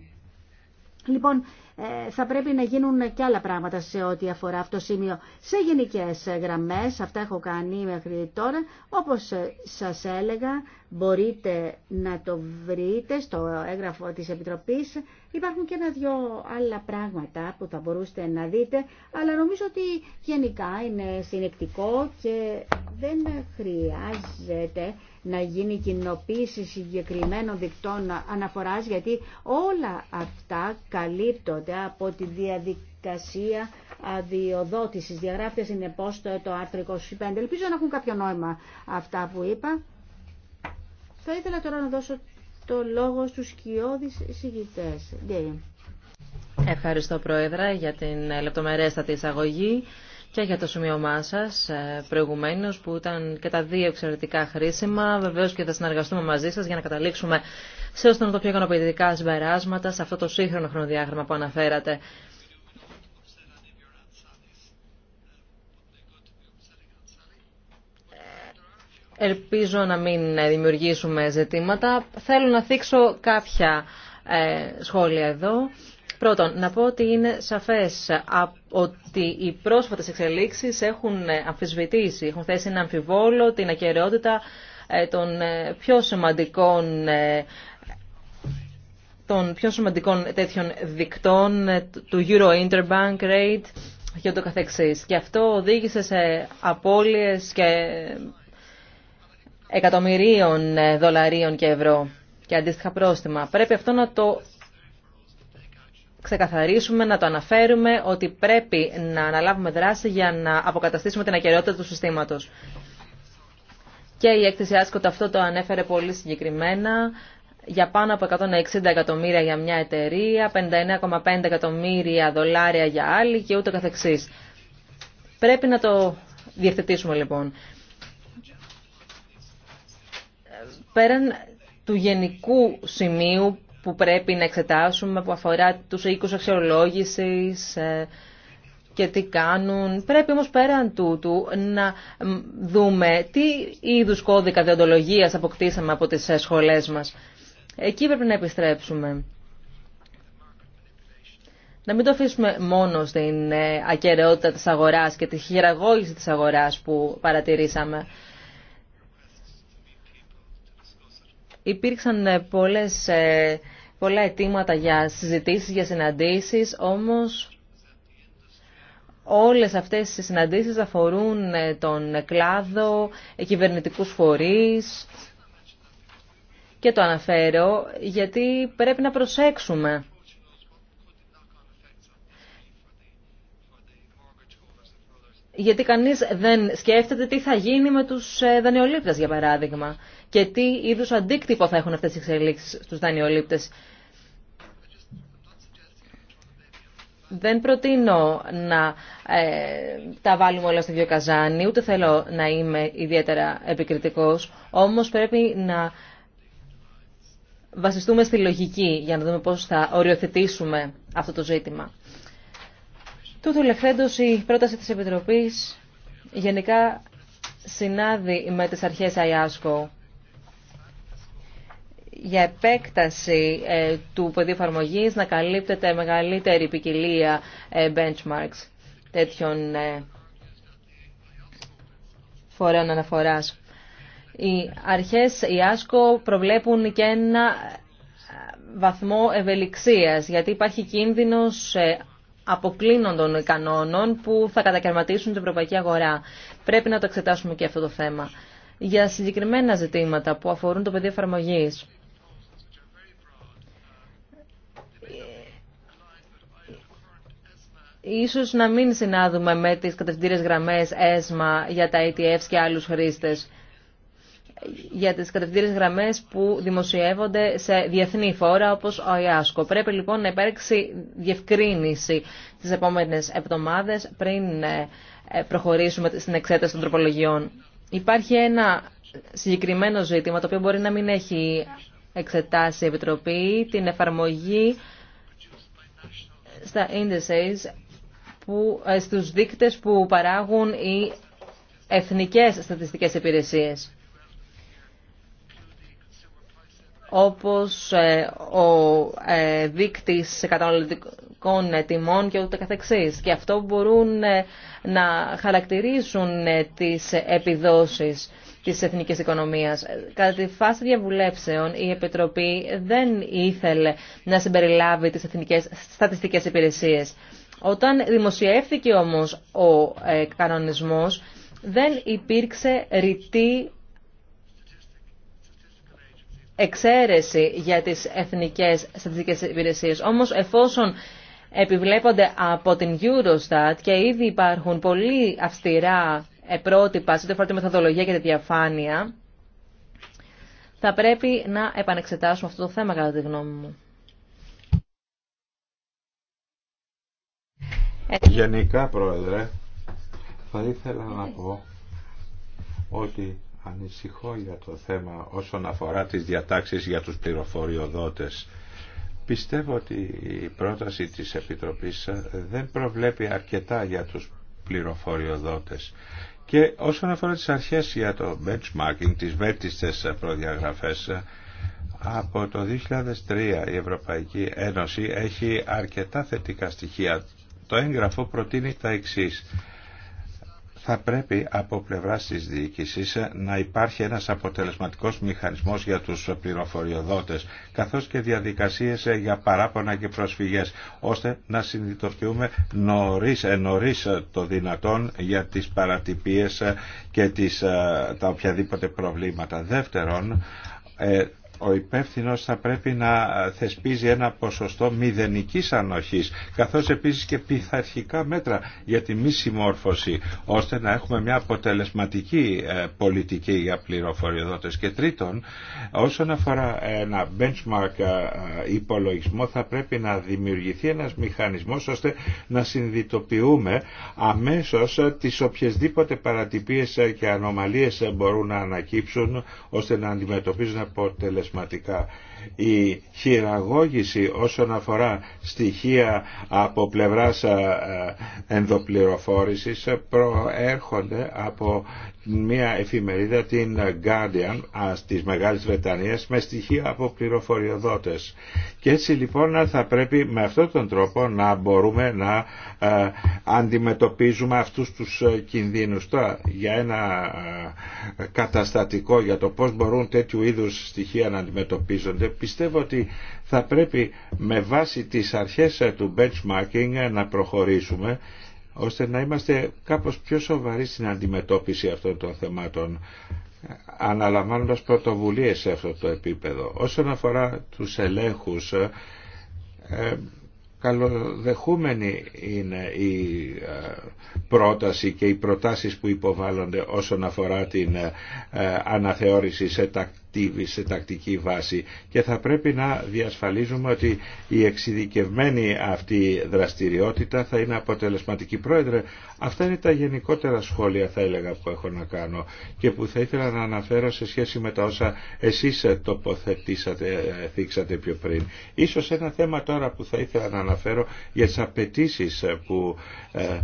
Λοιπόν, ε, θα πρέπει να γίνουν και άλλα πράγματα σε ό,τι αφορά αυτό το σημείο. Σε γενικέ γραμμές, αυτά έχω κάνει μέχρι τώρα, όπως σα έλεγα, μπορείτε να το βρείτε στο έγγραφο της Επιτροπής. Υπάρχουν και ένα-δυο άλλα πράγματα που θα μπορούσατε να δείτε, αλλά νομίζω ότι γενικά είναι συνεκτικό και δεν χρειάζεται να γίνει κοινοποίηση συγκεκριμένων δικτών αναφοράς, γιατί όλα αυτά καλύπτονται από τη διαδικασία αδειοδότησης. Διαγράφεται συνεπώς το, το άρθρο 25. Ελπίζω να έχουν κάποιο νόημα αυτά που είπα. Θα ήθελα τώρα να δώσω το λόγο στους σκιώδεις συγητές.
Ευχαριστώ Πρόεδρα για την λεπτομερέστατη εισαγωγή και για το σημείωμά σα ε, προηγουμένω που ήταν και τα δύο εξαιρετικά χρήσιμα. Βεβαίω και θα συνεργαστούμε μαζί σα για να καταλήξουμε σε ώστε να το πιο ικανοποιητικά συμπεράσματα σε αυτό το σύγχρονο χρονοδιάγραμμα που αναφέρατε. Ελπίζω να μην δημιουργήσουμε ζητήματα. Θέλω να θίξω κάποια ε, σχόλια εδώ. Πρώτον, να πω ότι είναι σαφές ότι οι πρόσφατες εξελίξεις έχουν ε, αμφισβητήσει, έχουν θέσει ένα αμφιβόλο την ακεραιότητα ε, των πιο σημαντικών των πιο σημαντικών τέτοιων δικτών ε, του Euro Interbank Rate και το καθεξής. Και αυτό οδήγησε σε απώλειες και εκατομμυρίων ε, δολαρίων και ευρώ και αντίστοιχα πρόστιμα. Πρέπει αυτό να το ξεκαθαρίσουμε, να το αναφέρουμε ότι πρέπει να αναλάβουμε δράση για να αποκαταστήσουμε την ακεραιότητα του συστήματος. Και η έκθεση Άσκοτ αυτό το ανέφερε πολύ συγκεκριμένα για πάνω από 160 εκατομμύρια για μια εταιρεία, 59,5 εκατομμύρια δολάρια για άλλη και ούτω καθεξής. Πρέπει να το διευθετήσουμε λοιπόν. Πέραν του γενικού σημείου που πρέπει να εξετάσουμε που αφορά τους οίκους αξιολόγηση ε, και τι κάνουν. Πρέπει όμως πέραν τούτου να δούμε τι είδους κώδικα διοντολογίας αποκτήσαμε από τις ε, σχολές μας. Εκεί πρέπει να επιστρέψουμε. Να μην το αφήσουμε μόνο στην ε, ακαιρεότητα της αγοράς και τη χειραγώγηση της αγοράς που παρατηρήσαμε. Υπήρξαν ε, πολλές, ε, πολλά αιτήματα για συζητήσεις, για συναντήσεις, όμως όλες αυτές οι συναντήσεις αφορούν τον κλάδο, κυβερνητικούς φορείς, και το αναφέρω γιατί πρέπει να προσέξουμε. Γιατί κανείς δεν σκέφτεται τι θα γίνει με τους ε, δανειολήπτες, για παράδειγμα. Και τι είδους αντίκτυπο θα έχουν αυτές οι εξελίξεις στους δανειολήπτες. Δεν προτείνω να ε, τα βάλουμε όλα στο δύο καζάνι, ούτε θέλω να είμαι ιδιαίτερα επικριτικός, όμως πρέπει να βασιστούμε στη λογική για να δούμε πώς θα οριοθετήσουμε αυτό το ζήτημα. Τούτου λεχθέντος η πρόταση της Επιτροπής γενικά συνάδει με τις αρχές ΑΙΑΣΚΟ για επέκταση ε, του πεδίου εφαρμογή να καλύπτεται μεγαλύτερη ποικιλία ε, benchmarks τέτοιων ε, φορέων αναφοράς. Οι αρχές, η ΆΣΚΟ προβλέπουν και ένα βαθμό ευελιξίας, γιατί υπάρχει κίνδυνος ε, αποκλίνοντων των κανόνων που θα κατακαιρματίσουν την ευρωπαϊκή αγορά. Πρέπει να το εξετάσουμε και αυτό το θέμα. Για συγκεκριμένα ζητήματα που αφορούν το πεδίο εφαρμογή. Ίσως να μην συνάδουμε με τις κατευθυντήρες γραμμές ΕΣΜΑ για τα ETFs και άλλους χρήστες για τις κατευθυντήριες γραμμές που δημοσιεύονται σε διεθνή φόρα όπως ο ΙΑΣΚΟ. Πρέπει λοιπόν να υπάρξει διευκρίνηση τις επόμενες εβδομάδες πριν ε, ε, προχωρήσουμε στην εξέταση των τροπολογιών. Υπάρχει ένα συγκεκριμένο ζήτημα το οποίο μπορεί να μην έχει εξετάσει η Επιτροπή, την εφαρμογή στα indices ε, στους δείκτες που παράγουν οι εθνικές στατιστικές υπηρεσίες. όπως ε, ο ε, δείκτης καταναλωτικών τιμών και ούτε καθεξής. Και αυτό μπορούν ε, να χαρακτηρίσουν τις επιδόσεις της εθνικής οικονομίας. Κατά τη φάση διαβουλεύσεων η Επιτροπή δεν ήθελε να συμπεριλάβει τις εθνικές στατιστικές υπηρεσίες. Όταν δημοσιεύθηκε όμως ο κανονισμός δεν υπήρξε ρητή εξαίρεση για τις εθνικές στατιστικές υπηρεσίες. Όμως εφόσον επιβλέπονται από την Eurostat και ήδη υπάρχουν πολύ αυστηρά πρότυπα σε ό,τι τη μεθοδολογία και τη διαφάνεια, θα πρέπει να επανεξετάσουμε αυτό το θέμα κατά τη γνώμη μου.
Γενικά, Πρόεδρε, θα ήθελα να πω ότι Ανησυχώ για το θέμα όσον αφορά τις διατάξεις για τους πληροφοριοδότες. Πιστεύω ότι η πρόταση της Επιτροπής δεν προβλέπει αρκετά για τους πληροφοριοδότες. Και όσον αφορά τις αρχές για το benchmarking, τις βέλτιστες προδιαγραφές, από το 2003 η Ευρωπαϊκή Ένωση έχει αρκετά θετικά στοιχεία. Το έγγραφο προτείνει τα εξής θα πρέπει από πλευρά τη διοίκηση να υπάρχει ένας αποτελεσματικός μηχανισμός για τους πληροφοριοδότε, καθώς και διαδικασίες για παράπονα και προσφυγές ώστε να συνειδητοποιούμε νωρίς, ε, νωρίς το δυνατόν για τις παρατυπίε και τις, ε, τα οποιαδήποτε προβλήματα. Δεύτερον, ε, ο υπεύθυνο θα πρέπει να θεσπίζει ένα ποσοστό μηδενικής ανοχής, καθώς επίσης και πειθαρχικά μέτρα για τη μη συμμόρφωση, ώστε να έχουμε μια αποτελεσματική ε, πολιτική για πληροφοριοδότες. Και τρίτον, όσον αφορά ένα benchmark ε, υπολογισμό, θα πρέπει να δημιουργηθεί ένας μηχανισμός ώστε να συνειδητοποιούμε αμέσως ε, τις οποιασδήποτε παρατυπίες και ανομαλίες μπορούν να ανακύψουν, ώστε να αντιμετωπίζουν αποτελεσματικά αποτελεσματικά. Η χειραγώγηση όσον αφορά στοιχεία από πλευράς ενδοπληροφόρησης προέρχονται από μια εφημερίδα την Guardian της Μεγάλης Βρετανίας με στοιχεία από πληροφοριοδότες. Και έτσι λοιπόν θα πρέπει με αυτόν τον τρόπο να μπορούμε να αντιμετωπίζουμε αυτούς τους ε, κινδύνους. για ένα καταστατικό για το πώς μπορούν τέτοιου είδους στοιχεία να αντιμετωπίζονται, πιστεύω ότι θα πρέπει με βάση τις αρχές ε, του benchmarking ε, να προχωρήσουμε ώστε να είμαστε κάπως πιο σοβαροί στην αντιμετώπιση αυτών των θεμάτων αναλαμβάνοντας πρωτοβουλίες σε αυτό το επίπεδο. Όσον αφορά τους ελέγχους, ε, καλοδεχούμενη είναι η πρόταση και οι προτάσεις που υποβάλλονται όσον αφορά την αναθεώρηση σε σε τακτική βάση και θα πρέπει να διασφαλίζουμε ότι η εξειδικευμένη αυτή δραστηριότητα θα είναι αποτελεσματική. Πρόεδρε, αυτά είναι τα γενικότερα σχόλια θα έλεγα που έχω να κάνω και που θα ήθελα να αναφέρω σε σχέση με τα όσα εσείς τοποθετήσατε, θίξατε πιο πριν. Ίσως ένα θέμα τώρα που θα ήθελα να αναφέρω για τις απαιτήσει που ε,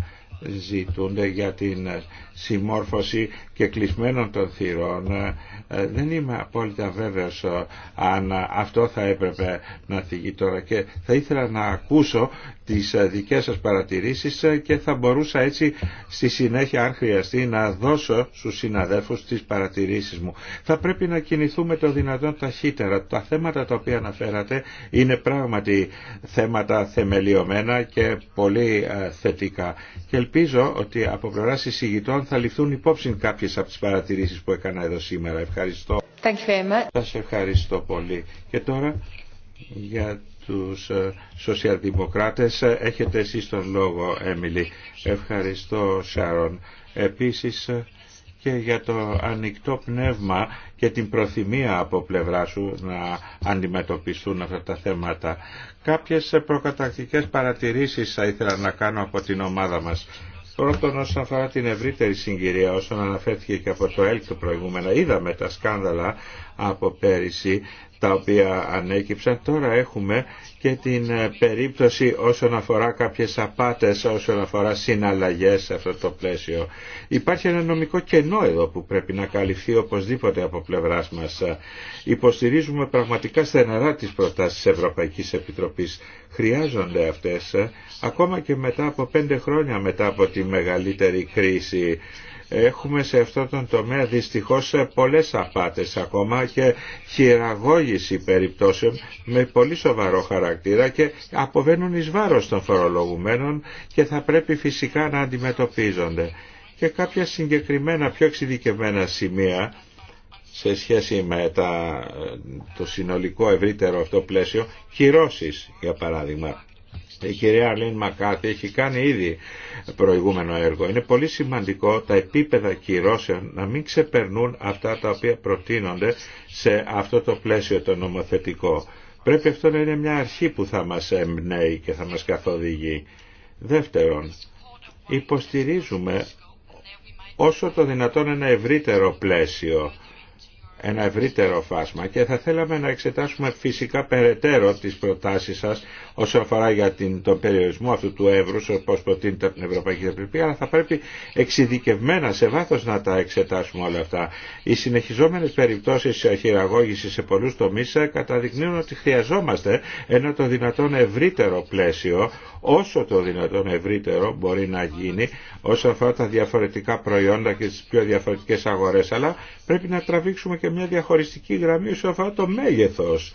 ζητούνται για την συμμόρφωση και κλεισμένων των θυρών ε, ε, δεν είμαι απόλυτα βέβαιος ε, αν αυτό θα έπρεπε να θυγεί τώρα και θα ήθελα να ακούσω τις δικές σας παρατηρήσεις και θα μπορούσα έτσι στη συνέχεια αν χρειαστεί να δώσω στους συναδέλφους τις παρατηρήσεις μου. Θα πρέπει να κινηθούμε το δυνατόν ταχύτερα. Τα θέματα τα οποία αναφέρατε είναι πράγματι θέματα θεμελιωμένα και πολύ θετικά. Και ελπίζω ότι από πλευράς θα ληφθούν υπόψη κάποιες από τις παρατηρήσεις που έκανα εδώ σήμερα. Ευχαριστώ. Thank Σας ευχαριστώ πολύ. Και τώρα για τους ε, σοσιαλδημοκράτες ε, έχετε εσείς τον λόγο Εμιλι. Ευχαριστώ Σάρον. Επίσης ε, και για το ανοιχτό πνεύμα και την προθυμία από πλευρά σου να αντιμετωπιστούν αυτά τα θέματα. Κάποιες προκατακτικές παρατηρήσεις θα ήθελα να κάνω από την ομάδα μας. Πρώτον όσον αφορά την ευρύτερη συγκυρία όσον αναφέρθηκε και από το ΕΛΚ προηγούμενα είδαμε τα σκάνδαλα από πέρυσι τα οποία ανέκυψαν. Τώρα έχουμε και την ε, περίπτωση όσον αφορά κάποιες απάτες, όσον αφορά συναλλαγές σε αυτό το πλαίσιο. Υπάρχει ένα νομικό κενό εδώ που πρέπει να καλυφθεί οπωσδήποτε από πλευράς μας. Υποστηρίζουμε πραγματικά στεναρά τις προτάσεις της Ευρωπαϊκής Επιτροπής. Χρειάζονται αυτές, ε, ακόμα και μετά από πέντε χρόνια μετά από τη μεγαλύτερη κρίση έχουμε σε αυτό τον τομέα δυστυχώς πολλές απάτες ακόμα και χειραγώγηση περιπτώσεων με πολύ σοβαρό χαρακτήρα και αποβαίνουν εις βάρος των φορολογουμένων και θα πρέπει φυσικά να αντιμετωπίζονται. Και κάποια συγκεκριμένα πιο εξειδικευμένα σημεία σε σχέση με τα, το συνολικό ευρύτερο αυτό πλαίσιο, χειρώσεις για παράδειγμα η κυρία Αλήν Μακάτι έχει κάνει ήδη προηγούμενο έργο. Είναι πολύ σημαντικό τα επίπεδα κυρώσεων να μην ξεπερνούν αυτά τα οποία προτείνονται σε αυτό το πλαίσιο το νομοθετικό. Πρέπει αυτό να είναι μια αρχή που θα μας εμπνέει και θα μας καθοδηγεί. Δεύτερον, υποστηρίζουμε όσο το δυνατόν ένα ευρύτερο πλαίσιο ένα ευρύτερο φάσμα και θα θέλαμε να εξετάσουμε φυσικά περαιτέρω τις προτάσεις σας όσον αφορά για την, τον περιορισμό αυτού του εύρου όπως προτείνεται από την Ευρωπαϊκή Επιτροπή αλλά θα πρέπει εξειδικευμένα σε βάθος να τα εξετάσουμε όλα αυτά. Οι συνεχιζόμενες περιπτώσεις χειραγώγηση σε πολλούς τομείς ε, καταδεικνύουν ότι χρειαζόμαστε ένα το δυνατόν ευρύτερο πλαίσιο όσο το δυνατόν ευρύτερο μπορεί να γίνει όσον αφορά τα διαφορετικά προϊόντα και τις πιο διαφορετικές αγορές αλλά πρέπει να τραβήξουμε και μια διαχωριστική γραμμή όσον αφορά το μέγεθος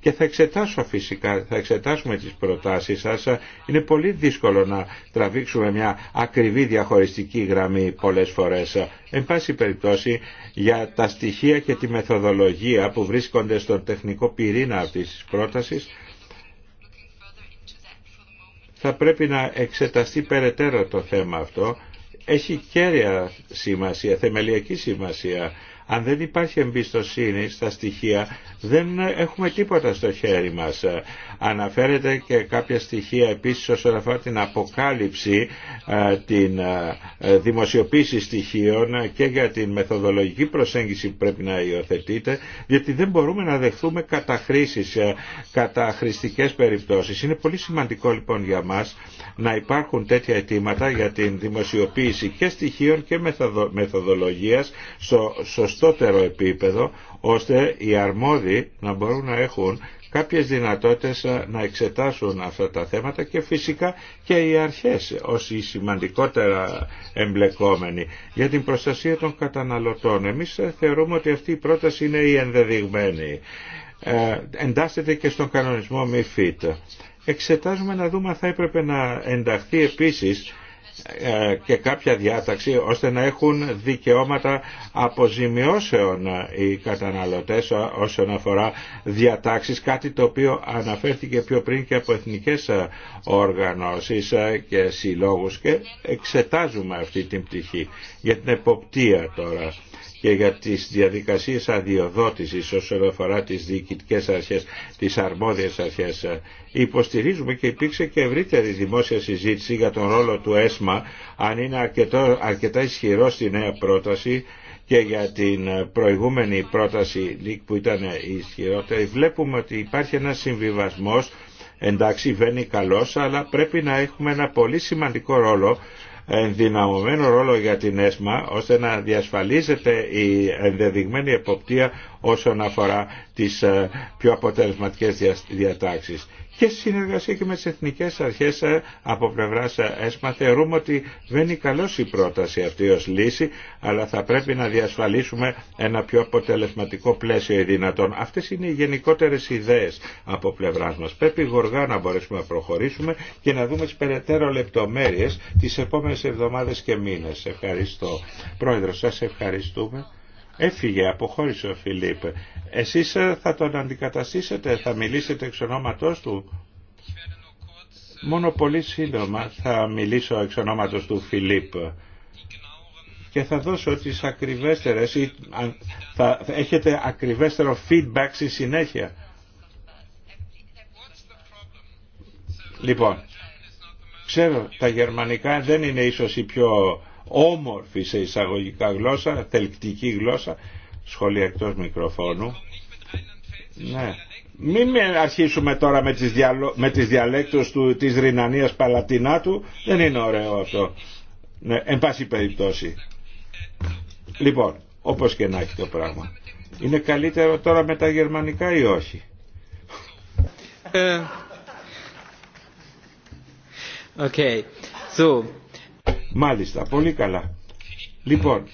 και θα εξετάσω φυσικά, θα εξετάσουμε τις προτάσεις σας. Είναι πολύ δύσκολο να τραβήξουμε μια ακριβή διαχωριστική γραμμή πολλές φορές. Εν πάση περιπτώσει, για τα στοιχεία και τη μεθοδολογία που βρίσκονται στον τεχνικό πυρήνα αυτής της πρότασης, θα πρέπει να εξεταστεί περαιτέρω το θέμα αυτό. Έχει κέρια σημασία, θεμελιακή σημασία αν δεν υπάρχει εμπιστοσύνη στα στοιχεία δεν έχουμε τίποτα στο χέρι μας. Αναφέρεται και κάποια στοιχεία επίσης όσον αφορά την αποκάλυψη, την δημοσιοποίηση στοιχείων και για την μεθοδολογική προσέγγιση που πρέπει να υιοθετείτε γιατί δεν μπορούμε να δεχθούμε καταχρήσεις, καταχρηστικές περιπτώσεις. Είναι πολύ σημαντικό λοιπόν για μας να υπάρχουν τέτοια αιτήματα για την δημοσιοποίηση και στοιχείων και μεθοδολογίας στο σωστότερο επίπεδο ώστε οι αρμόδιοι να μπορούν να έχουν κάποιες δυνατότητες ε, να εξετάσουν αυτά τα θέματα και φυσικά και οι αρχές ως οι σημαντικότερα εμπλεκόμενοι για την προστασία των καταναλωτών. Εμείς ε, θεωρούμε ότι αυτή η πρόταση είναι η ενδεδειγμένη. Ε, εντάσσεται και στον κανονισμό MIFID. Εξετάζουμε να δούμε αν θα έπρεπε να ενταχθεί επίσης ε, και κάποια διάταξη ώστε να έχουν δικαιώματα αποζημιώσεων οι καταναλωτές όσον αφορά διατάξεις, κάτι το οποίο αναφέρθηκε πιο πριν και από εθνικές οργανώσεις και συλλόγους και εξετάζουμε αυτή την πτυχή για την εποπτεία τώρα και για τις διαδικασίες αδειοδότησης όσον αφορά τις διοικητικές αρχές, τις αρμόδιες αρχές. Υποστηρίζουμε και υπήρξε και ευρύτερη δημόσια συζήτηση για τον ρόλο του ΕΣΜΑ αν είναι αρκετό, αρκετά ισχυρό στη νέα πρόταση και για την προηγούμενη πρόταση ΛΙΚ που ήταν ισχυρότερη. Βλέπουμε ότι υπάρχει ένα συμβιβασμός εντάξει βαίνει καλός αλλά πρέπει να έχουμε ένα πολύ σημαντικό ρόλο ενδυναμωμένο ρόλο για την ΕΣΜΑ ώστε να διασφαλίζεται η ενδεδειγμένη εποπτεία όσον αφορά τις ε, πιο αποτελεσματικές διατάξεις και συνεργασία και με τις εθνικές αρχές ε, από πλευράς ε, ΕΣΜΑ θεωρούμε ότι είναι καλώ η πρόταση αυτή ως λύση αλλά θα πρέπει να διασφαλίσουμε ένα πιο αποτελεσματικό πλαίσιο οι δυνατόν. Αυτές είναι οι γενικότερες ιδέες από πλευράς μας. Πρέπει γοργά να μπορέσουμε να προχωρήσουμε και να δούμε τις περαιτέρω λεπτομέρειες τις επόμενες εβδομάδες και μήνες. Ευχαριστώ. Πρόεδρο, σας ευχαριστούμε. Έφυγε, αποχώρησε ο Φιλίπ. Εσείς ε, θα τον αντικαταστήσετε, θα μιλήσετε εξ ονόματός του. Μόνο πολύ σύντομα θα μιλήσω εξ ονόματος του Φιλίπ και θα δώσω τις ακριβέστερες ή θα έχετε ακριβέστερο feedback στη συνέχεια. Λοιπόν, ξέρω τα γερμανικά δεν είναι ίσως η πιο όμορφη σε εισαγωγικά γλώσσα, τελκτική γλώσσα, σχολεία εκτός μικροφώνου. Ναι. Μην αρχίσουμε τώρα με τις, διαλο... με τις διαλέκτους του, της Ρινανίας Παλατινάτου. Δεν είναι ωραίο αυτό. Ναι, εν πάση περιπτώσει. Λοιπόν, όπως και να έχει το πράγμα. Είναι καλύτερο τώρα με τα γερμανικά ή όχι. Ε, okay. Μάλιστα, πολύ καλά. Λοιπόν,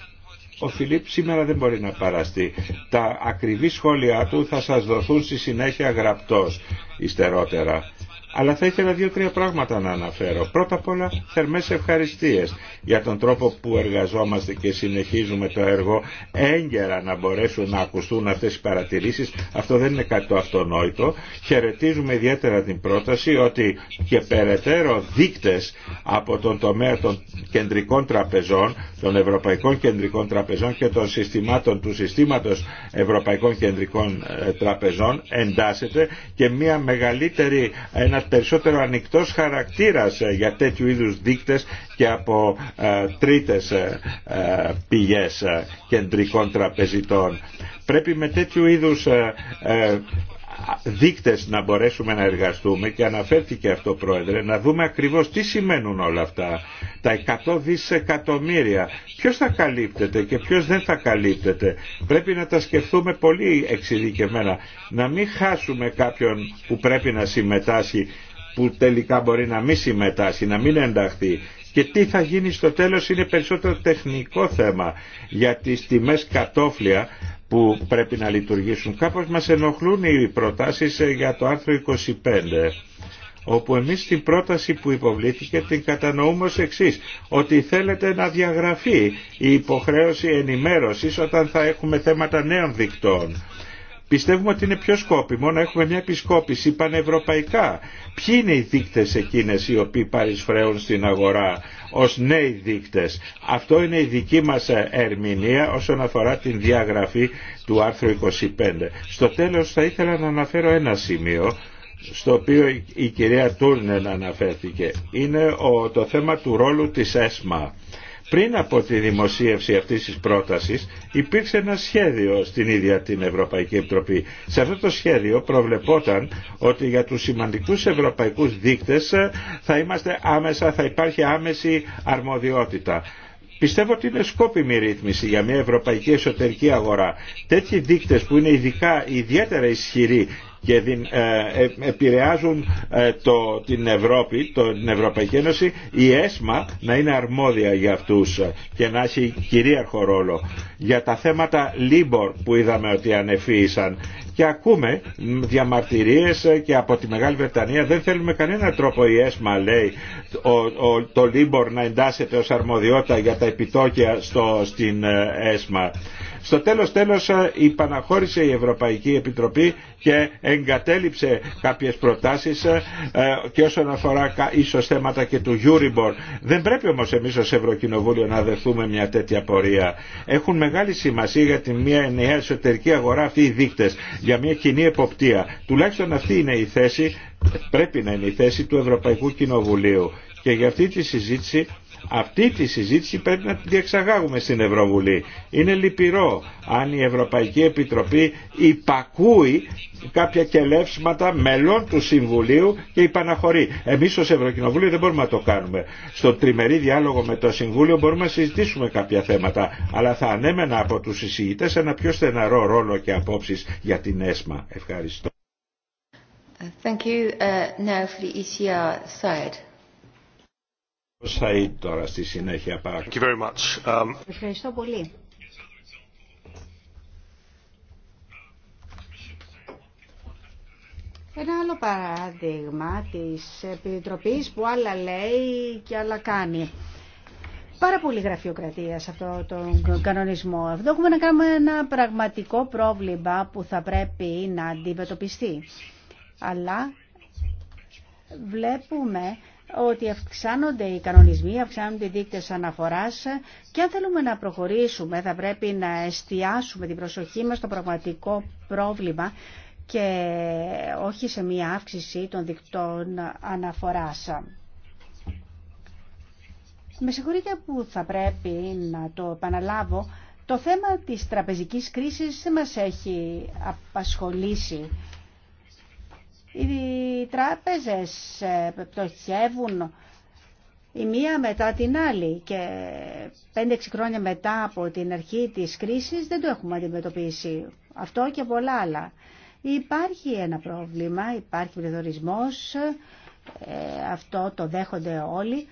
ο Φιλίπ σήμερα δεν μπορεί να παραστεί. Τα ακριβή σχόλιά του θα σας δοθούν στη συνέχεια γραπτός, ιστερότερα αλλά θα ήθελα δύο-τρία πράγματα να αναφέρω. Πρώτα απ' όλα θερμές ευχαριστίες για τον τρόπο που εργαζόμαστε και συνεχίζουμε το έργο έγκαιρα να μπορέσουν να ακουστούν αυτές οι παρατηρήσεις. Αυτό δεν είναι κάτι το αυτονόητο. Χαιρετίζουμε ιδιαίτερα την πρόταση ότι και περαιτέρω δείκτες από τον τομέα των κεντρικών τραπεζών, των ευρωπαϊκών κεντρικών τραπεζών και των συστημάτων του συστήματος ευρωπαϊκών κεντρικών ε, τραπεζών εντάσσεται και μια μεγαλύτερη, ένας περισσότερο ανοιχτός χαρακτήρας ε, για τέτοιου είδους δείκτες και από ε, τρίτες ε, πηγές κεντρικών τραπεζιτών. Πρέπει με τέτοιου είδους δείκτες να μπορέσουμε να εργαστούμε και αναφέρθηκε αυτό πρόεδρε να δούμε ακριβώς τι σημαίνουν όλα αυτά τα 100 δισεκατομμύρια. Ποιος θα καλύπτεται και ποιος δεν θα καλύπτεται. Πρέπει να τα σκεφτούμε πολύ εξειδικευμένα. Να μην χάσουμε κάποιον που πρέπει να συμμετάσχει που τελικά μπορεί να μην συμμετάσχει, να μην ενταχθεί. Και τι θα γίνει στο τέλος είναι περισσότερο τεχνικό θέμα για τις τιμές κατόφλια που πρέπει να λειτουργήσουν. Κάπως μας ενοχλούν οι προτάσεις ε, για το άρθρο 25 όπου εμείς την πρόταση που υποβλήθηκε την κατανοούμε ως εξής, ότι θέλετε να διαγραφεί η υποχρέωση ενημέρωσης όταν θα έχουμε θέματα νέων δικτών. Πιστεύουμε ότι είναι πιο σκόπιμο να έχουμε μια επισκόπηση πανευρωπαϊκά. Ποιοι είναι οι δείκτες εκείνες οι οποίοι παρισφρέουν στην αγορά ως νέοι δείκτες. Αυτό είναι η δική μας ερμηνεία όσον αφορά την διαγραφή του άρθρου 25. Στο τέλος θα ήθελα να αναφέρω ένα σημείο στο οποίο η κυρία Τούρνεν αναφέρθηκε είναι το θέμα του ρόλου της ΕΣΜΑ. Πριν από τη δημοσίευση αυτής της πρότασης υπήρξε ένα σχέδιο στην ίδια την Ευρωπαϊκή Επιτροπή. Σε αυτό το σχέδιο προβλεπόταν ότι για τους σημαντικούς ευρωπαϊκούς δείκτες ε, θα είμαστε άμεσα, θα υπάρχει άμεση αρμοδιότητα. Πιστεύω ότι είναι σκόπιμη ρύθμιση για μια ευρωπαϊκή εσωτερική αγορά. Τέτοιοι δείκτες που είναι ειδικά ιδιαίτερα ισχυροί και ε, ε, επηρεάζουν ε, το, την Ευρώπη, την Ευρωπαϊκή Ένωση, η ΕΣΜΑ να είναι αρμόδια για αυτούς και να έχει κυρίαρχο ρόλο. Για τα θέματα Λίμπορ που είδαμε ότι ανεφύησαν και ακούμε διαμαρτυρίες και από τη Μεγάλη Βρετανία δεν θέλουμε κανένα τρόπο η ΕΣΜΑ λέει το Λίμπορ να εντάσσεται ως αρμοδιότητα για τα επιτόκια στο, στην ΕΣΜΑ. Στο τέλος τέλος ε, υπαναχώρησε η Ευρωπαϊκή Επιτροπή και εγκατέλειψε κάποιες προτάσεις ε, ε, και όσον αφορά ίσως θέματα και του Euribor. Δεν πρέπει όμως εμείς ως Ευρωκοινοβούλιο να δεχθούμε μια τέτοια πορεία. Έχουν μεγάλη σημασία για την μια ενιαία εσωτερική αγορά αυτοί οι δείκτες, για μια κοινή εποπτεία. Τουλάχιστον αυτή είναι η θέση, πρέπει να είναι η θέση του Ευρωπαϊκού Κοινοβουλίου. Και για αυτή τη συζήτηση αυτή τη συζήτηση πρέπει να την διεξαγάγουμε στην Ευρωβουλή. Είναι λυπηρό αν η Ευρωπαϊκή Επιτροπή υπακούει κάποια κελεύσματα μελών του Συμβουλίου και υπαναχωρεί. Εμείς ως Ευρωκοινοβούλιο δεν μπορούμε να το κάνουμε. Στο τριμερή διάλογο με το Συμβούλιο μπορούμε να συζητήσουμε κάποια θέματα, αλλά θα ανέμενα από τους εισηγητές ένα πιο στεναρό ρόλο και απόψεις για την ΕΣΜΑ. Ευχαριστώ.
Thank you. Uh, now for the ECR side
τώρα στη συνέχεια um,
Ευχαριστώ πολύ. Ένα άλλο παράδειγμα της Επιτροπής που άλλα λέει και άλλα κάνει. Πάρα πολύ γραφειοκρατία σε αυτό τον κανονισμό. Εδώ έχουμε να κάνουμε ένα πραγματικό πρόβλημα που θα πρέπει να αντιμετωπιστεί. Αλλά βλέπουμε ότι αυξάνονται οι κανονισμοί, αυξάνονται οι δείκτες αναφοράς και αν θέλουμε να προχωρήσουμε θα πρέπει να εστιάσουμε την προσοχή μας στο πραγματικό πρόβλημα και όχι σε μία αύξηση των δικτών αναφοράς. Με συγχωρείτε που θα πρέπει να το επαναλάβω, το θέμα της τραπεζικής κρίσης δεν μας έχει απασχολήσει οι τράπεζες ε, πτωχεύουν η μία μετά την άλλη και 5-6 χρόνια μετά από την αρχή της κρίσης δεν το έχουμε αντιμετωπίσει. Αυτό και πολλά άλλα. Υπάρχει ένα πρόβλημα, υπάρχει πληθωρισμός, ε, αυτό το δέχονται όλοι,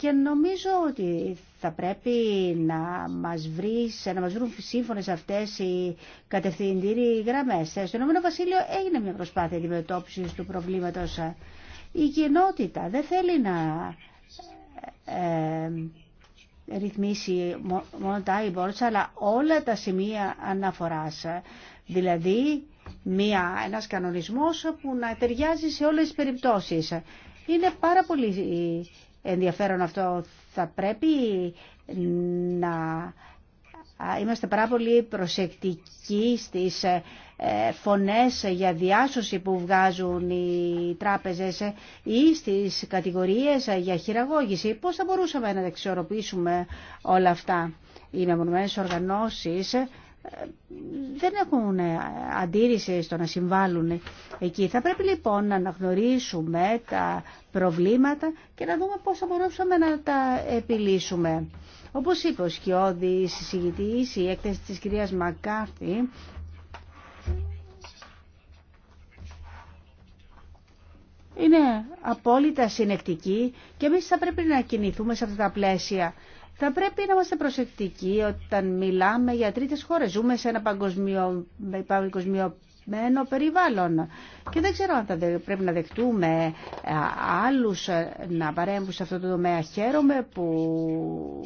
και νομίζω ότι θα πρέπει να μας, βρει, να μας βρουν σύμφωνες αυτές οι κατευθυντήριοι γραμμές. Ε, στο Ηνωμένο Βασίλειο έγινε μια προσπάθεια αντιμετώπισης του προβλήματος. Ε, η κοινότητα δεν θέλει να ε, ε ρυθμίσει μόνο τα e αλλά όλα τα σημεία αναφοράς. Δηλαδή μια, ένας κανονισμός που να ταιριάζει σε όλες τις περιπτώσεις. Είναι πάρα πολύ ενδιαφέρον αυτό. Θα πρέπει να είμαστε πάρα πολύ προσεκτικοί στις ε, φωνές για διάσωση που βγάζουν οι τράπεζες ε, ή στις κατηγορίες για χειραγώγηση. Πώς θα μπορούσαμε να τα όλα αυτά. Οι μεμονωμένες οργανώσεις δεν έχουν ε, αντίρρηση στο να συμβάλλουν εκεί. Θα πρέπει λοιπόν να αναγνωρίσουμε τα προβλήματα και να δούμε πώς θα μπορούσαμε να τα επιλύσουμε. Όπως είπε ο Σκιώδης, η συζητητής, η έκθεση της κυρίας Μακάρθη, είναι απόλυτα συνεκτική και εμείς θα πρέπει να κινηθούμε σε αυτά τα πλαίσια. Θα πρέπει να είμαστε προσεκτικοί όταν μιλάμε για τρίτες χώρες. Ζούμε σε ένα παγκοσμιο, παγκοσμιωμένο περιβάλλον. Και δεν ξέρω αν θα πρέπει να δεχτούμε ε, άλλους ε, να παρέμβουν σε αυτό το τομέα. Χαίρομαι που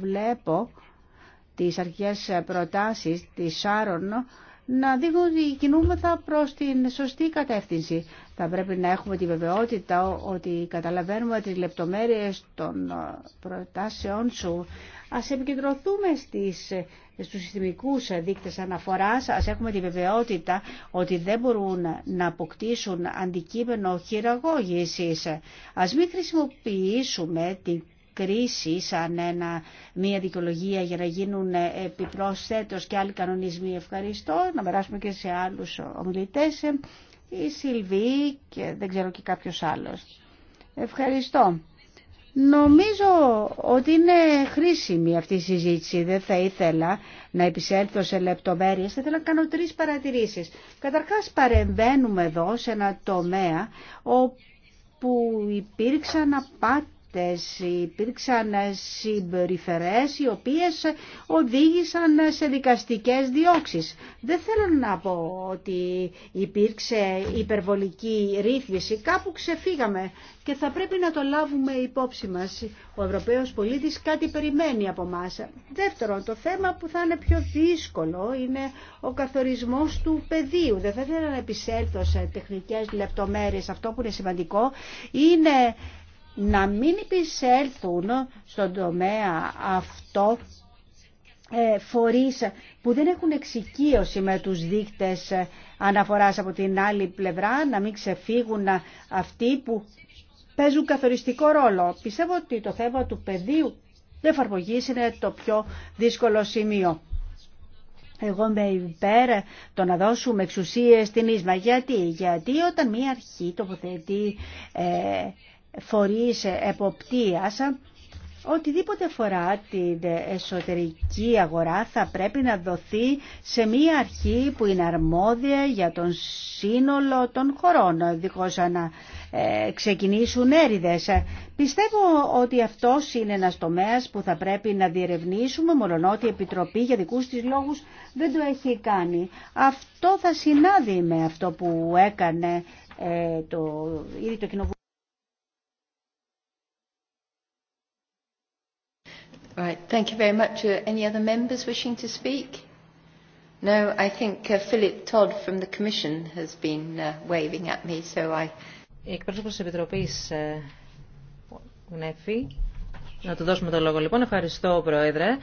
βλέπω τις αρχές προτάσεις της Σάρων να δείχνουν ότι κινούμεθα προς την σωστή κατεύθυνση. Θα πρέπει να έχουμε τη βεβαιότητα ότι καταλαβαίνουμε τις λεπτομέρειες των ε, προτάσεών σου. Ας επικεντρωθούμε στις, στους συστημικούς δείκτες αναφοράς. Ας έχουμε τη βεβαιότητα ότι δεν μπορούν να αποκτήσουν αντικείμενο χειραγώγησης. Ας μην χρησιμοποιήσουμε την κρίση σαν ένα, μια δικαιολογία για να γίνουν επιπρόσθετος και άλλοι κανονισμοί. Ευχαριστώ. Να περάσουμε και σε άλλους ομιλητές. Η Σιλβί και δεν ξέρω και κάποιος άλλος. Ευχαριστώ. Νομίζω ότι είναι χρήσιμη αυτή η συζήτηση. Δεν θα ήθελα να επισέλθω σε λεπτομέρειες. Θα ήθελα να κάνω τρεις παρατηρήσεις. Καταρχάς παρεμβαίνουμε εδώ σε ένα τομέα όπου υπήρξαν απάτη αυτές υπήρξαν συμπεριφερές οι οποίες οδήγησαν σε δικαστικές διώξεις. Δεν θέλω να πω ότι υπήρξε υπερβολική ρύθμιση, κάπου ξεφύγαμε και θα πρέπει να το λάβουμε υπόψη μας. Ο Ευρωπαίος πολίτης κάτι περιμένει από μας. Δεύτερον, το θέμα που θα είναι πιο δύσκολο είναι ο καθορισμός του πεδίου. Δεν θα ήθελα να επισέλθω σε τεχνικές λεπτομέρειες. Αυτό που είναι σημαντικό είναι να μην επισέλθουν στον τομέα αυτό ε, φορείς που δεν έχουν εξοικείωση με τους δείκτες αναφοράς από την άλλη πλευρά, να μην ξεφύγουν αυτοί που παίζουν καθοριστικό ρόλο. Πιστεύω ότι το θέμα του πεδίου εφαρμογή είναι το πιο δύσκολο σημείο. Εγώ με υπέρ το να δώσουμε εξουσίες στην Ίσμα. Γιατί, Γιατί όταν μία αρχή τοποθετεί ε, φορείς εποπτείας οτιδήποτε φορά την εσωτερική αγορά θα πρέπει να δοθεί σε μία αρχή που είναι αρμόδια για τον σύνολο των χωρών, δίχως να ε, ξεκινήσουν έρηδες. Πιστεύω ότι αυτό είναι ένας τομέας που θα πρέπει να διερευνήσουμε, ότι η Επιτροπή για δικούς της λόγους δεν το έχει κάνει. Αυτό θα συνάδει με αυτό που έκανε ε, το, ήδη το Κοινοβούλιο. Right. Thank you very much. Uh, Any other members wishing to
speak? No, I think uh, Philip Todd from the Commission has been uh, waving at me, so I... Η εκπρόσωπος της Επιτροπής ε, Γνέφη. Να του δώσουμε το λόγο λοιπόν. Ευχαριστώ, Πρόεδρε.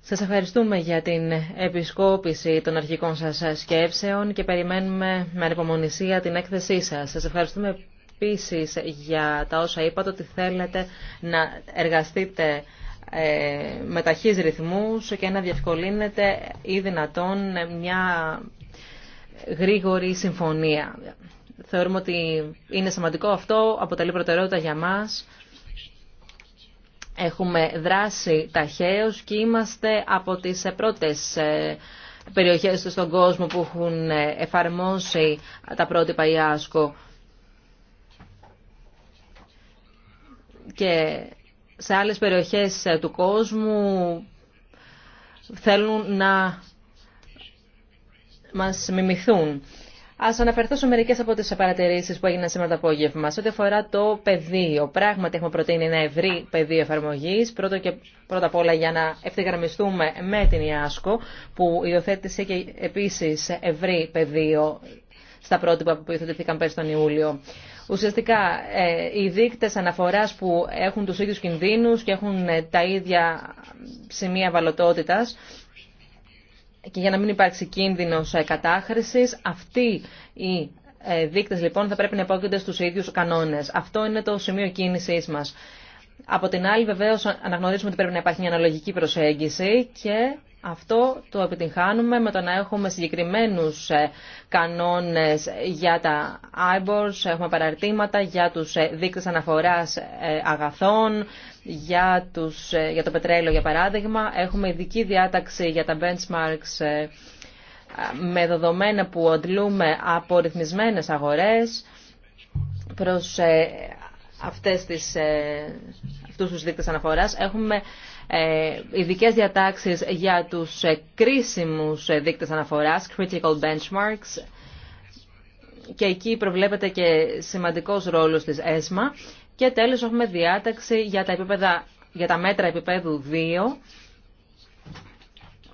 Σας ευχαριστούμε για την επισκόπηση των αρχικών σας ε, σκέψεων και περιμένουμε με ανυπομονησία την έκθεσή σας. Σας ευχαριστούμε επίσης για τα όσα είπατε ότι θέλετε να εργαστείτε ε, με ταχύς ρυθμούς και να διευκολύνετε ή δυνατόν μια γρήγορη συμφωνία. Θεωρούμε ότι είναι σημαντικό αυτό, αποτελεί προτεραιότητα για μας. Έχουμε δράσει ταχαίως και είμαστε από τις πρώτες ε, περιοχές στον κόσμο που έχουν εφαρμόσει τα πρότυπα ΙΑΣΚΟ. και σε άλλες περιοχές του κόσμου θέλουν να μας μιμηθούν. Ας αναφερθώ σε μερικές από τις παρατηρήσεις που έγιναν σήμερα το απόγευμα. Σε ό,τι αφορά το πεδίο, πράγματι έχουμε προτείνει ένα ευρύ πεδίο εφαρμογής, πρώτο και πρώτα απ' όλα για να ευθυγραμμιστούμε με την ΙΑΣΚΟ, που υιοθέτησε και επίσης ευρύ πεδίο στα πρότυπα που υιοθετηθήκαν πέρσι τον Ιούλιο. Ουσιαστικά, ε, οι δείκτες αναφοράς που έχουν τους ίδιους κινδύνους και έχουν ε, τα ίδια σημεία βαλωτότητας και για να μην υπάρξει κίνδυνος ε, κατάχρησης, αυτοί οι δείκτες λοιπόν θα πρέπει να υπόκεινται στους ίδιους κανόνες. Αυτό είναι το σημείο κίνησής μας. Από την άλλη βεβαίως αναγνωρίζουμε ότι πρέπει να υπάρχει μια αναλογική προσέγγιση και αυτό το επιτυγχάνουμε με το να έχουμε συγκεκριμένους ε, κανόνες για τα IBORs, έχουμε παραρτήματα για τους ε, δείκτες αναφοράς ε, αγαθών, για, τους, για το πετρέλαιο για παράδειγμα. Έχουμε ειδική διάταξη για τα benchmarks με δεδομένα που αντλούμε από ρυθμισμένες αγορές προς αυτές τις, αυτούς τους δείκτες αναφοράς. Έχουμε ε, ειδικές διατάξεις για τους ε, κρίσιμους ε, δείκτες αναφοράς, critical benchmarks, και εκεί προβλέπεται και σημαντικός ρόλος της ΕΣΜΑ. Και τέλος έχουμε διάταξη για τα, επίπεδα, για τα μέτρα επίπεδου 2,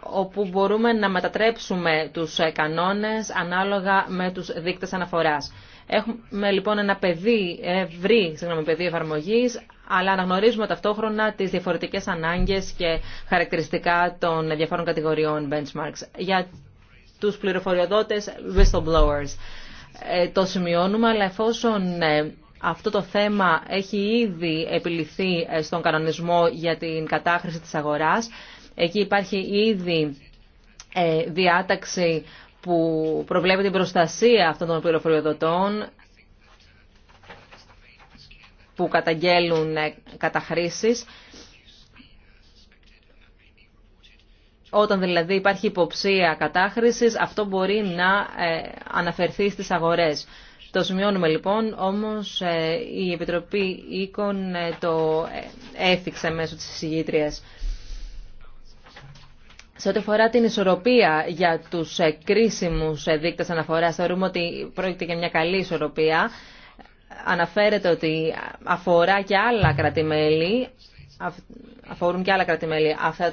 όπου μπορούμε να μετατρέψουμε τους κανόνες ανάλογα με τους δείκτες αναφοράς. Έχουμε λοιπόν ένα παιδί ευρύ συγγνώμη, πεδίο εφαρμογής, αλλά αναγνωρίζουμε ταυτόχρονα τις διαφορετικές ανάγκες και χαρακτηριστικά των διαφόρων κατηγοριών benchmarks. Για τους πληροφοριοδότες whistleblowers. Ε, το σημειώνουμε, αλλά εφόσον ε, αυτό το θέμα έχει ήδη επιληθεί ε, στον κανονισμό για την κατάχρηση της αγοράς, εκεί υπάρχει ήδη διάταξη που προβλέπει την προστασία αυτών των πληροφοριοδοτών που καταγγέλουν ε, καταχρήσεις. Όταν δηλαδή υπάρχει υποψία κατάχρησης, αυτό μπορεί να ε, αναφερθεί στις αγορές. Το σημειώνουμε λοιπόν, όμως ε, η Επιτροπή Οίκων το έθιξε μέσω της εισηγήτριας. Σε ό,τι αφορά την ισορροπία για τους ε, κρίσιμου ε, δείκτες αναφοράς, θεωρούμε ότι πρόκειται για μια καλή ισορροπία. Αναφέρεται ότι αφορά και άλλα κρατημέλη, αφορούν και άλλα κρατημέλη αυτά,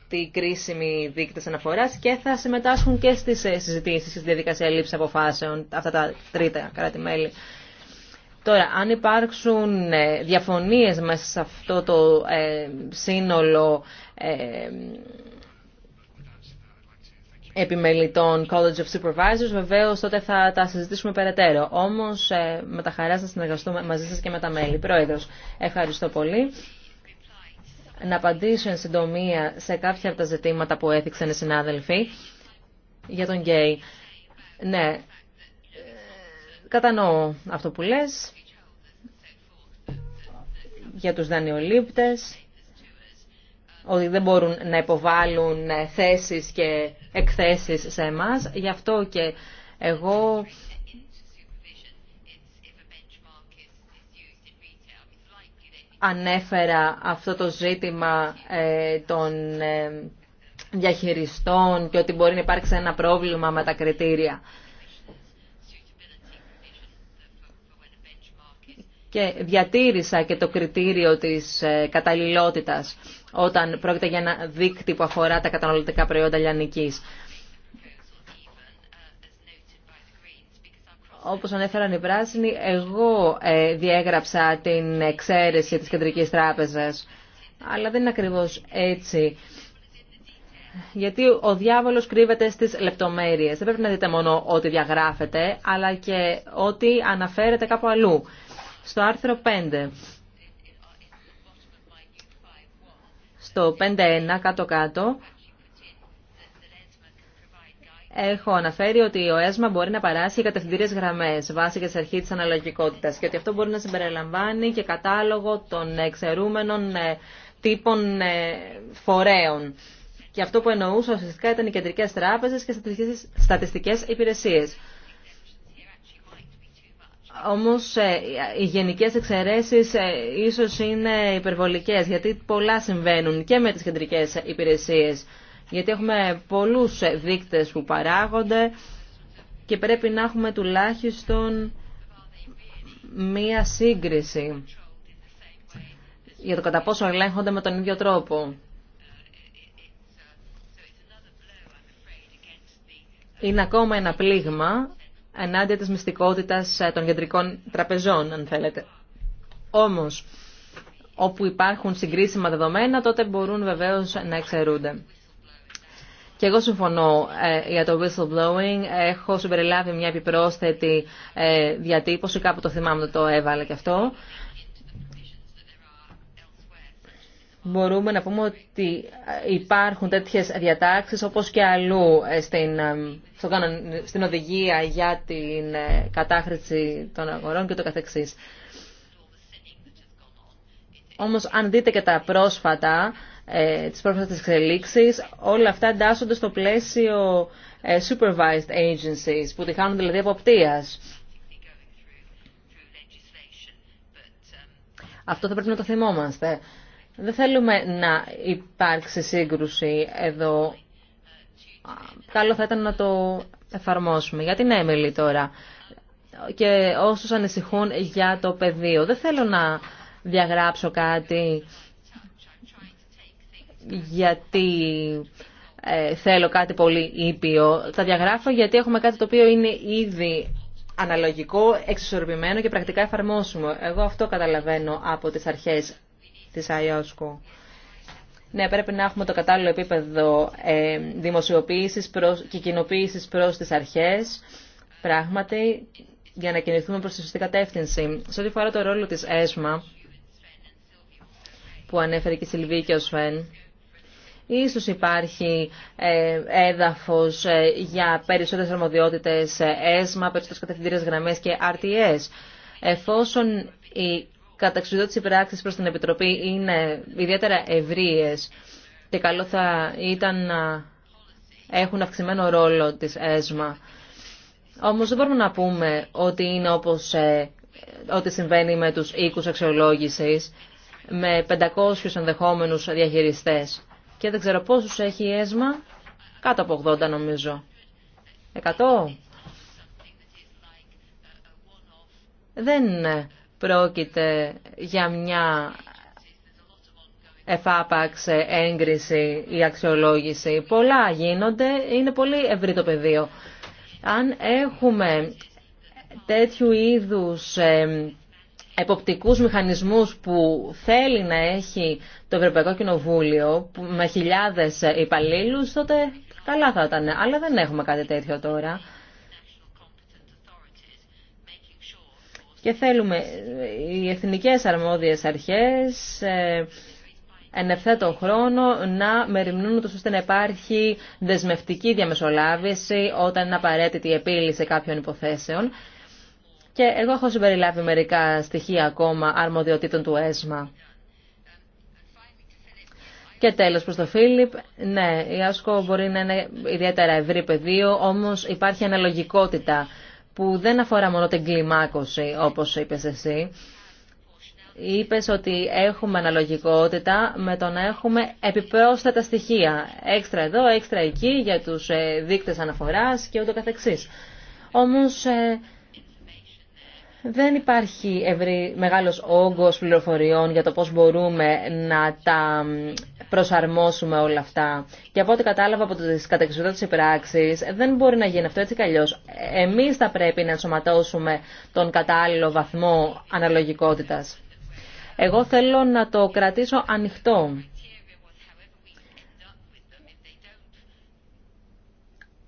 αυτοί οι κρίσιμοι δείκτες αναφοράς και θα συμμετάσχουν και στις ε, συζητήσεις, στη διαδικασία λήψη αποφάσεων, αυτά τα τρίτα κρατημέλη. Τώρα, αν υπάρξουν διαφωνίες μέσα σε αυτό το σύνολο επιμελητών College of Supervisors. Βεβαίω τότε θα τα συζητήσουμε περαιτέρω. Όμω ε, με τα χαρά να συνεργαστούμε μαζί σα και με τα μέλη. Πρόεδρο, ευχαριστώ πολύ. Να απαντήσω εν συντομία σε κάποια από τα ζητήματα που έθιξαν οι συνάδελφοι για τον γκέι. Ναι, ε, κατανοώ αυτό που λες για τους δανειολήπτες ότι δεν μπορούν να υποβάλουν ε, θέσεις και εκθέσεις σε εμάς. Γι' αυτό και εγώ ανέφερα αυτό το ζήτημα ε, των ε, διαχειριστών και ότι μπορεί να υπάρξει ένα πρόβλημα με τα κριτήρια. Και διατήρησα και το κριτήριο της καταλληλότητας όταν πρόκειται για ένα δίκτυ που αφορά τα καταναλωτικά προϊόντα λιανικής. Όπως ανέφεραν οι πράσινοι, εγώ ε, διέγραψα την εξαίρεση της Κεντρικής Τράπεζας. Αλλά δεν είναι ακριβώς έτσι. Γιατί ο διάβολος κρύβεται στις λεπτομέρειες. Δεν πρέπει να δείτε μόνο ό,τι διαγράφεται, αλλά και ό,τι αναφέρεται κάπου αλλού. Στο άρθρο 5 στο 5.1 κάτω-κάτω έχω αναφέρει ότι ο ΕΣΜΑ μπορεί να παράσει κατευθυντήριες γραμμές βάσει και σε αρχή της αναλογικότητας και ότι αυτό μπορεί να συμπεριλαμβάνει και κατάλογο των εξαιρούμενων ε, τύπων ε, φορέων. Και αυτό που εννοούσα ουσιαστικά ήταν οι κεντρικές τράπεζες και στατιστικές υπηρεσίες. Όμως ε, οι γενικές εξαιρέσεις ε, ίσως είναι υπερβολικές, γιατί πολλά συμβαίνουν και με τις κεντρικές υπηρεσίες. Γιατί έχουμε πολλούς δείκτες που παράγονται και πρέπει να έχουμε τουλάχιστον μία σύγκριση για το κατά πόσο ελέγχονται με τον ίδιο τρόπο. Είναι ακόμα ένα πλήγμα ενάντια της μυστικότητας ε, των κεντρικών τραπεζών, αν θέλετε. Όμως, όπου υπάρχουν συγκρίσιμα δεδομένα, τότε μπορούν βεβαίως να εξαιρούνται. Και εγώ συμφωνώ ε, για το whistleblowing. Έχω συμπεριλάβει μια επιπρόσθετη ε, διατύπωση, κάπου το θυμάμαι το έβαλα και αυτό. μπορούμε να πούμε ότι υπάρχουν τέτοιες διατάξεις όπως και αλλού ε, στην, ε, στην οδηγία για την ε, κατάχρηση των αγορών και το καθεξής. Όμως αν δείτε και τα πρόσφατα, ε, τις πρόσφατες εξελίξεις, όλα αυτά εντάσσονται στο πλαίσιο supervised agencies, που τη χάνουν δηλαδή πτίας. Αυτό θα πρέπει να το θυμόμαστε. Δεν θέλουμε να υπάρξει σύγκρουση εδώ. Καλό θα ήταν να το εφαρμόσουμε. Για την Έμιλη τώρα και όσους ανησυχούν για το πεδίο. Δεν θέλω να διαγράψω κάτι γιατί ε, θέλω κάτι πολύ ήπιο. Θα διαγράφω γιατί έχουμε κάτι το οποίο είναι ήδη αναλογικό, εξισορροπημένο και πρακτικά εφαρμόσιμο. Εγώ αυτό καταλαβαίνω από τις αρχές της ΑΙΟΣΚΟ. Ναι, πρέπει να έχουμε το κατάλληλο επίπεδο ε, δημοσιοποίησης προς, και κοινοποίησης προς τις αρχές, πράγματι, για να κινηθούμε προς τη σωστή κατεύθυνση. Σε ό,τι φορά το ρόλο της ΕΣΜΑ, που ανέφερε και η Σιλβή και ο Σφεν, ίσως υπάρχει ε, έδαφος ε, για περισσότερες αρμοδιότητες ε, ΕΣΜΑ, περισσότερες κατευθυντήρες γραμμές και RTS. Εφόσον η καταξιδότηση πράξη προς την Επιτροπή είναι ιδιαίτερα ευρύες και καλό θα ήταν να έχουν αυξημένο ρόλο της ΕΣΜΑ. Όμως δεν μπορούμε να πούμε ότι είναι όπως ε, ό,τι συμβαίνει με τους οίκους αξιολόγηση με 500 ενδεχόμενου διαχειριστές. Και δεν ξέρω πόσους έχει η ΕΣΜΑ, κάτω από 80 νομίζω. 100? Δεν ε, Πρόκειται για μια εφάπαξ έγκριση ή αξιολόγηση. Πολλά γίνονται, είναι πολύ ευρύ το πεδίο. Αν έχουμε τέτοιου είδους εποπτικούς μηχανισμούς που θέλει να έχει το Ευρωπαϊκό Κοινοβούλιο με χιλιάδες υπαλλήλους, τότε καλά θα ήταν. Αλλά δεν έχουμε κάτι τέτοιο τώρα. Και θέλουμε ε, οι εθνικές αρμόδιες αρχές ε, εν ευθέτω χρόνο να μεριμνούν τους ώστε να υπάρχει δεσμευτική διαμεσολάβηση όταν είναι απαραίτητη η επίλυση κάποιων υποθέσεων. Και εγώ έχω συμπεριλάβει μερικά στοιχεία ακόμα αρμοδιοτήτων του ΕΣΜΑ. Και τέλος προς το Φίλιπ, ναι, η Άσκο μπορεί να είναι ιδιαίτερα ευρύ πεδίο, όμως υπάρχει αναλογικότητα που δεν αφορά μόνο την κλιμάκωση, όπως είπες εσύ. Είπες ότι έχουμε αναλογικότητα με το να έχουμε επιπρόσθετα στοιχεία. Έξτρα εδώ, έξτρα εκεί για τους ε, δείκτες αναφοράς και ούτω καθεξής. Όμως ε, δεν υπάρχει ευρύ, μεγάλος όγκος πληροφοριών για το πώς μπορούμε να τα προσαρμόσουμε όλα αυτά. Και από ό,τι κατάλαβα από τι της πράξης δεν μπορεί να γίνει αυτό έτσι αλλιώ. Εμείς θα πρέπει να ενσωματώσουμε τον κατάλληλο βαθμό αναλογικότητας. Εγώ θέλω να το κρατήσω ανοιχτό.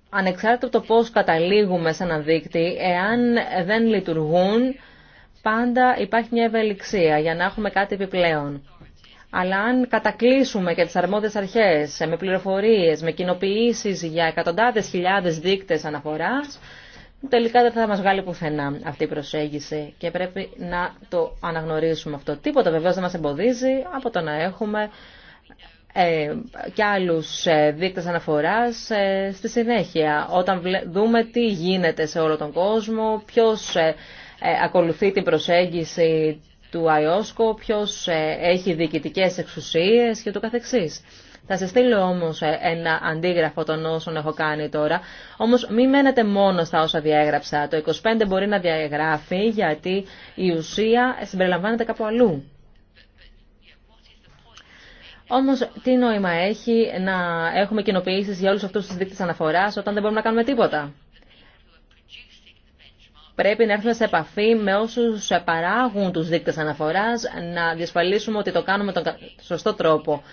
Ανεξάρτητα από το πώς καταλήγουμε σε ένα δείκτη, εάν δεν λειτουργούν, πάντα υπάρχει μια ευελιξία για να έχουμε κάτι επιπλέον. Αλλά αν κατακλείσουμε και τις αρμόδιες αρχές με πληροφορίες, με κοινοποιήσεις για εκατοντάδες χιλιάδες δείκτε αναφοράς, τελικά δεν θα μα βγάλει πουθενά αυτή η προσέγγιση και πρέπει να το αναγνωρίσουμε αυτό. Τίποτα βεβαίω δεν μας εμποδίζει από το να έχουμε ε, και άλλους ε, δείκτες αναφοράς ε, στη συνέχεια. Όταν δούμε τι γίνεται σε όλο τον κόσμο, ποιος ακολουθεί την προσέγγιση του ΑΙΟΣΚΟ, ποιος ε, έχει διοικητικέ εξουσίε και το καθεξής. Θα σα στείλω όμω ε, ένα αντίγραφο των όσων έχω κάνει τώρα. Όμω μην μένετε μόνο στα όσα διέγραψα. Το 25 μπορεί να διαγράφει γιατί η ουσία συμπεριλαμβάνεται κάπου αλλού. Όμω, τι νόημα έχει να έχουμε κοινοποιήσει για όλου αυτού του δείκτε αναφορά όταν δεν μπορούμε να κάνουμε τίποτα πρέπει να έρθουμε σε επαφή με όσους παράγουν τους δείκτε αναφοράς, να διασφαλίσουμε ότι το κάνουμε τον σωστό τρόπο.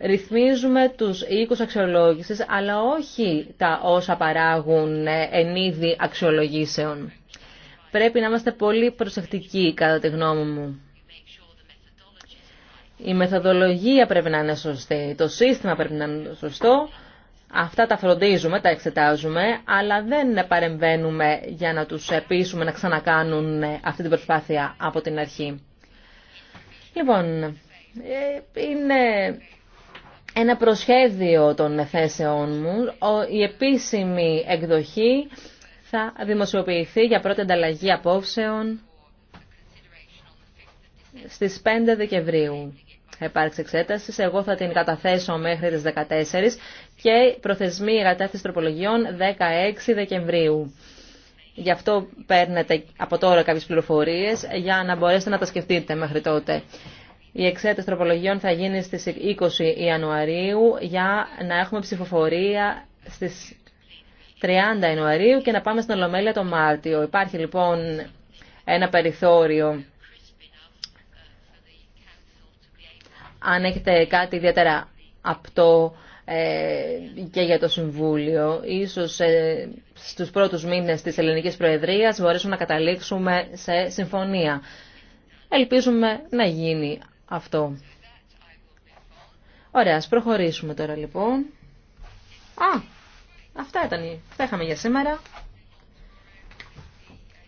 Ρυθμίζουμε τους οίκου αξιολόγηση, αλλά όχι τα όσα παράγουν ε, εν είδη αξιολογήσεων. Πρέπει να είμαστε πολύ προσεκτικοί, κατά τη γνώμη μου. Η μεθοδολογία πρέπει να είναι σωστή, το σύστημα πρέπει να είναι σωστό, Αυτά τα φροντίζουμε, τα εξετάζουμε, αλλά δεν παρεμβαίνουμε για να τους πείσουμε να ξανακάνουν αυτή την προσπάθεια από την αρχή. Λοιπόν, ε, είναι ένα προσχέδιο των θέσεών μου. Η επίσημη εκδοχή θα δημοσιοποιηθεί για πρώτη ανταλλαγή απόψεων στις 5 Δεκεμβρίου. Θα υπάρξει εξέταση. Εγώ θα την καταθέσω μέχρι τις 14 και προθεσμία κατάθεση τροπολογιών 16 Δεκεμβρίου. Γι' αυτό παίρνετε από τώρα κάποιες πληροφορίες για να μπορέσετε να τα σκεφτείτε μέχρι τότε. Η εξέταση τροπολογιών θα γίνει στις 20 Ιανουαρίου για να έχουμε ψηφοφορία στις 30 Ιανουαρίου και να πάμε στην Ολομέλεια το Μάρτιο. Υπάρχει λοιπόν ένα περιθώριο. Αν έχετε κάτι ιδιαίτερα απτό ε, και για το Συμβούλιο. Ίσως ε, στους πρώτους μήνες της ελληνικής προεδρίας μπορέσουμε να καταλήξουμε σε συμφωνία. Ελπίζουμε να γίνει αυτό. Ωραία, ας προχωρήσουμε τώρα λοιπόν. Α, αυτά ήταν, αυτά είχαμε για σήμερα.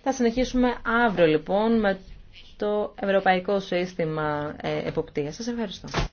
Θα συνεχίσουμε αύριο λοιπόν με το Ευρωπαϊκό Σύστημα ε, Εποπτείας. Σας ευχαριστώ.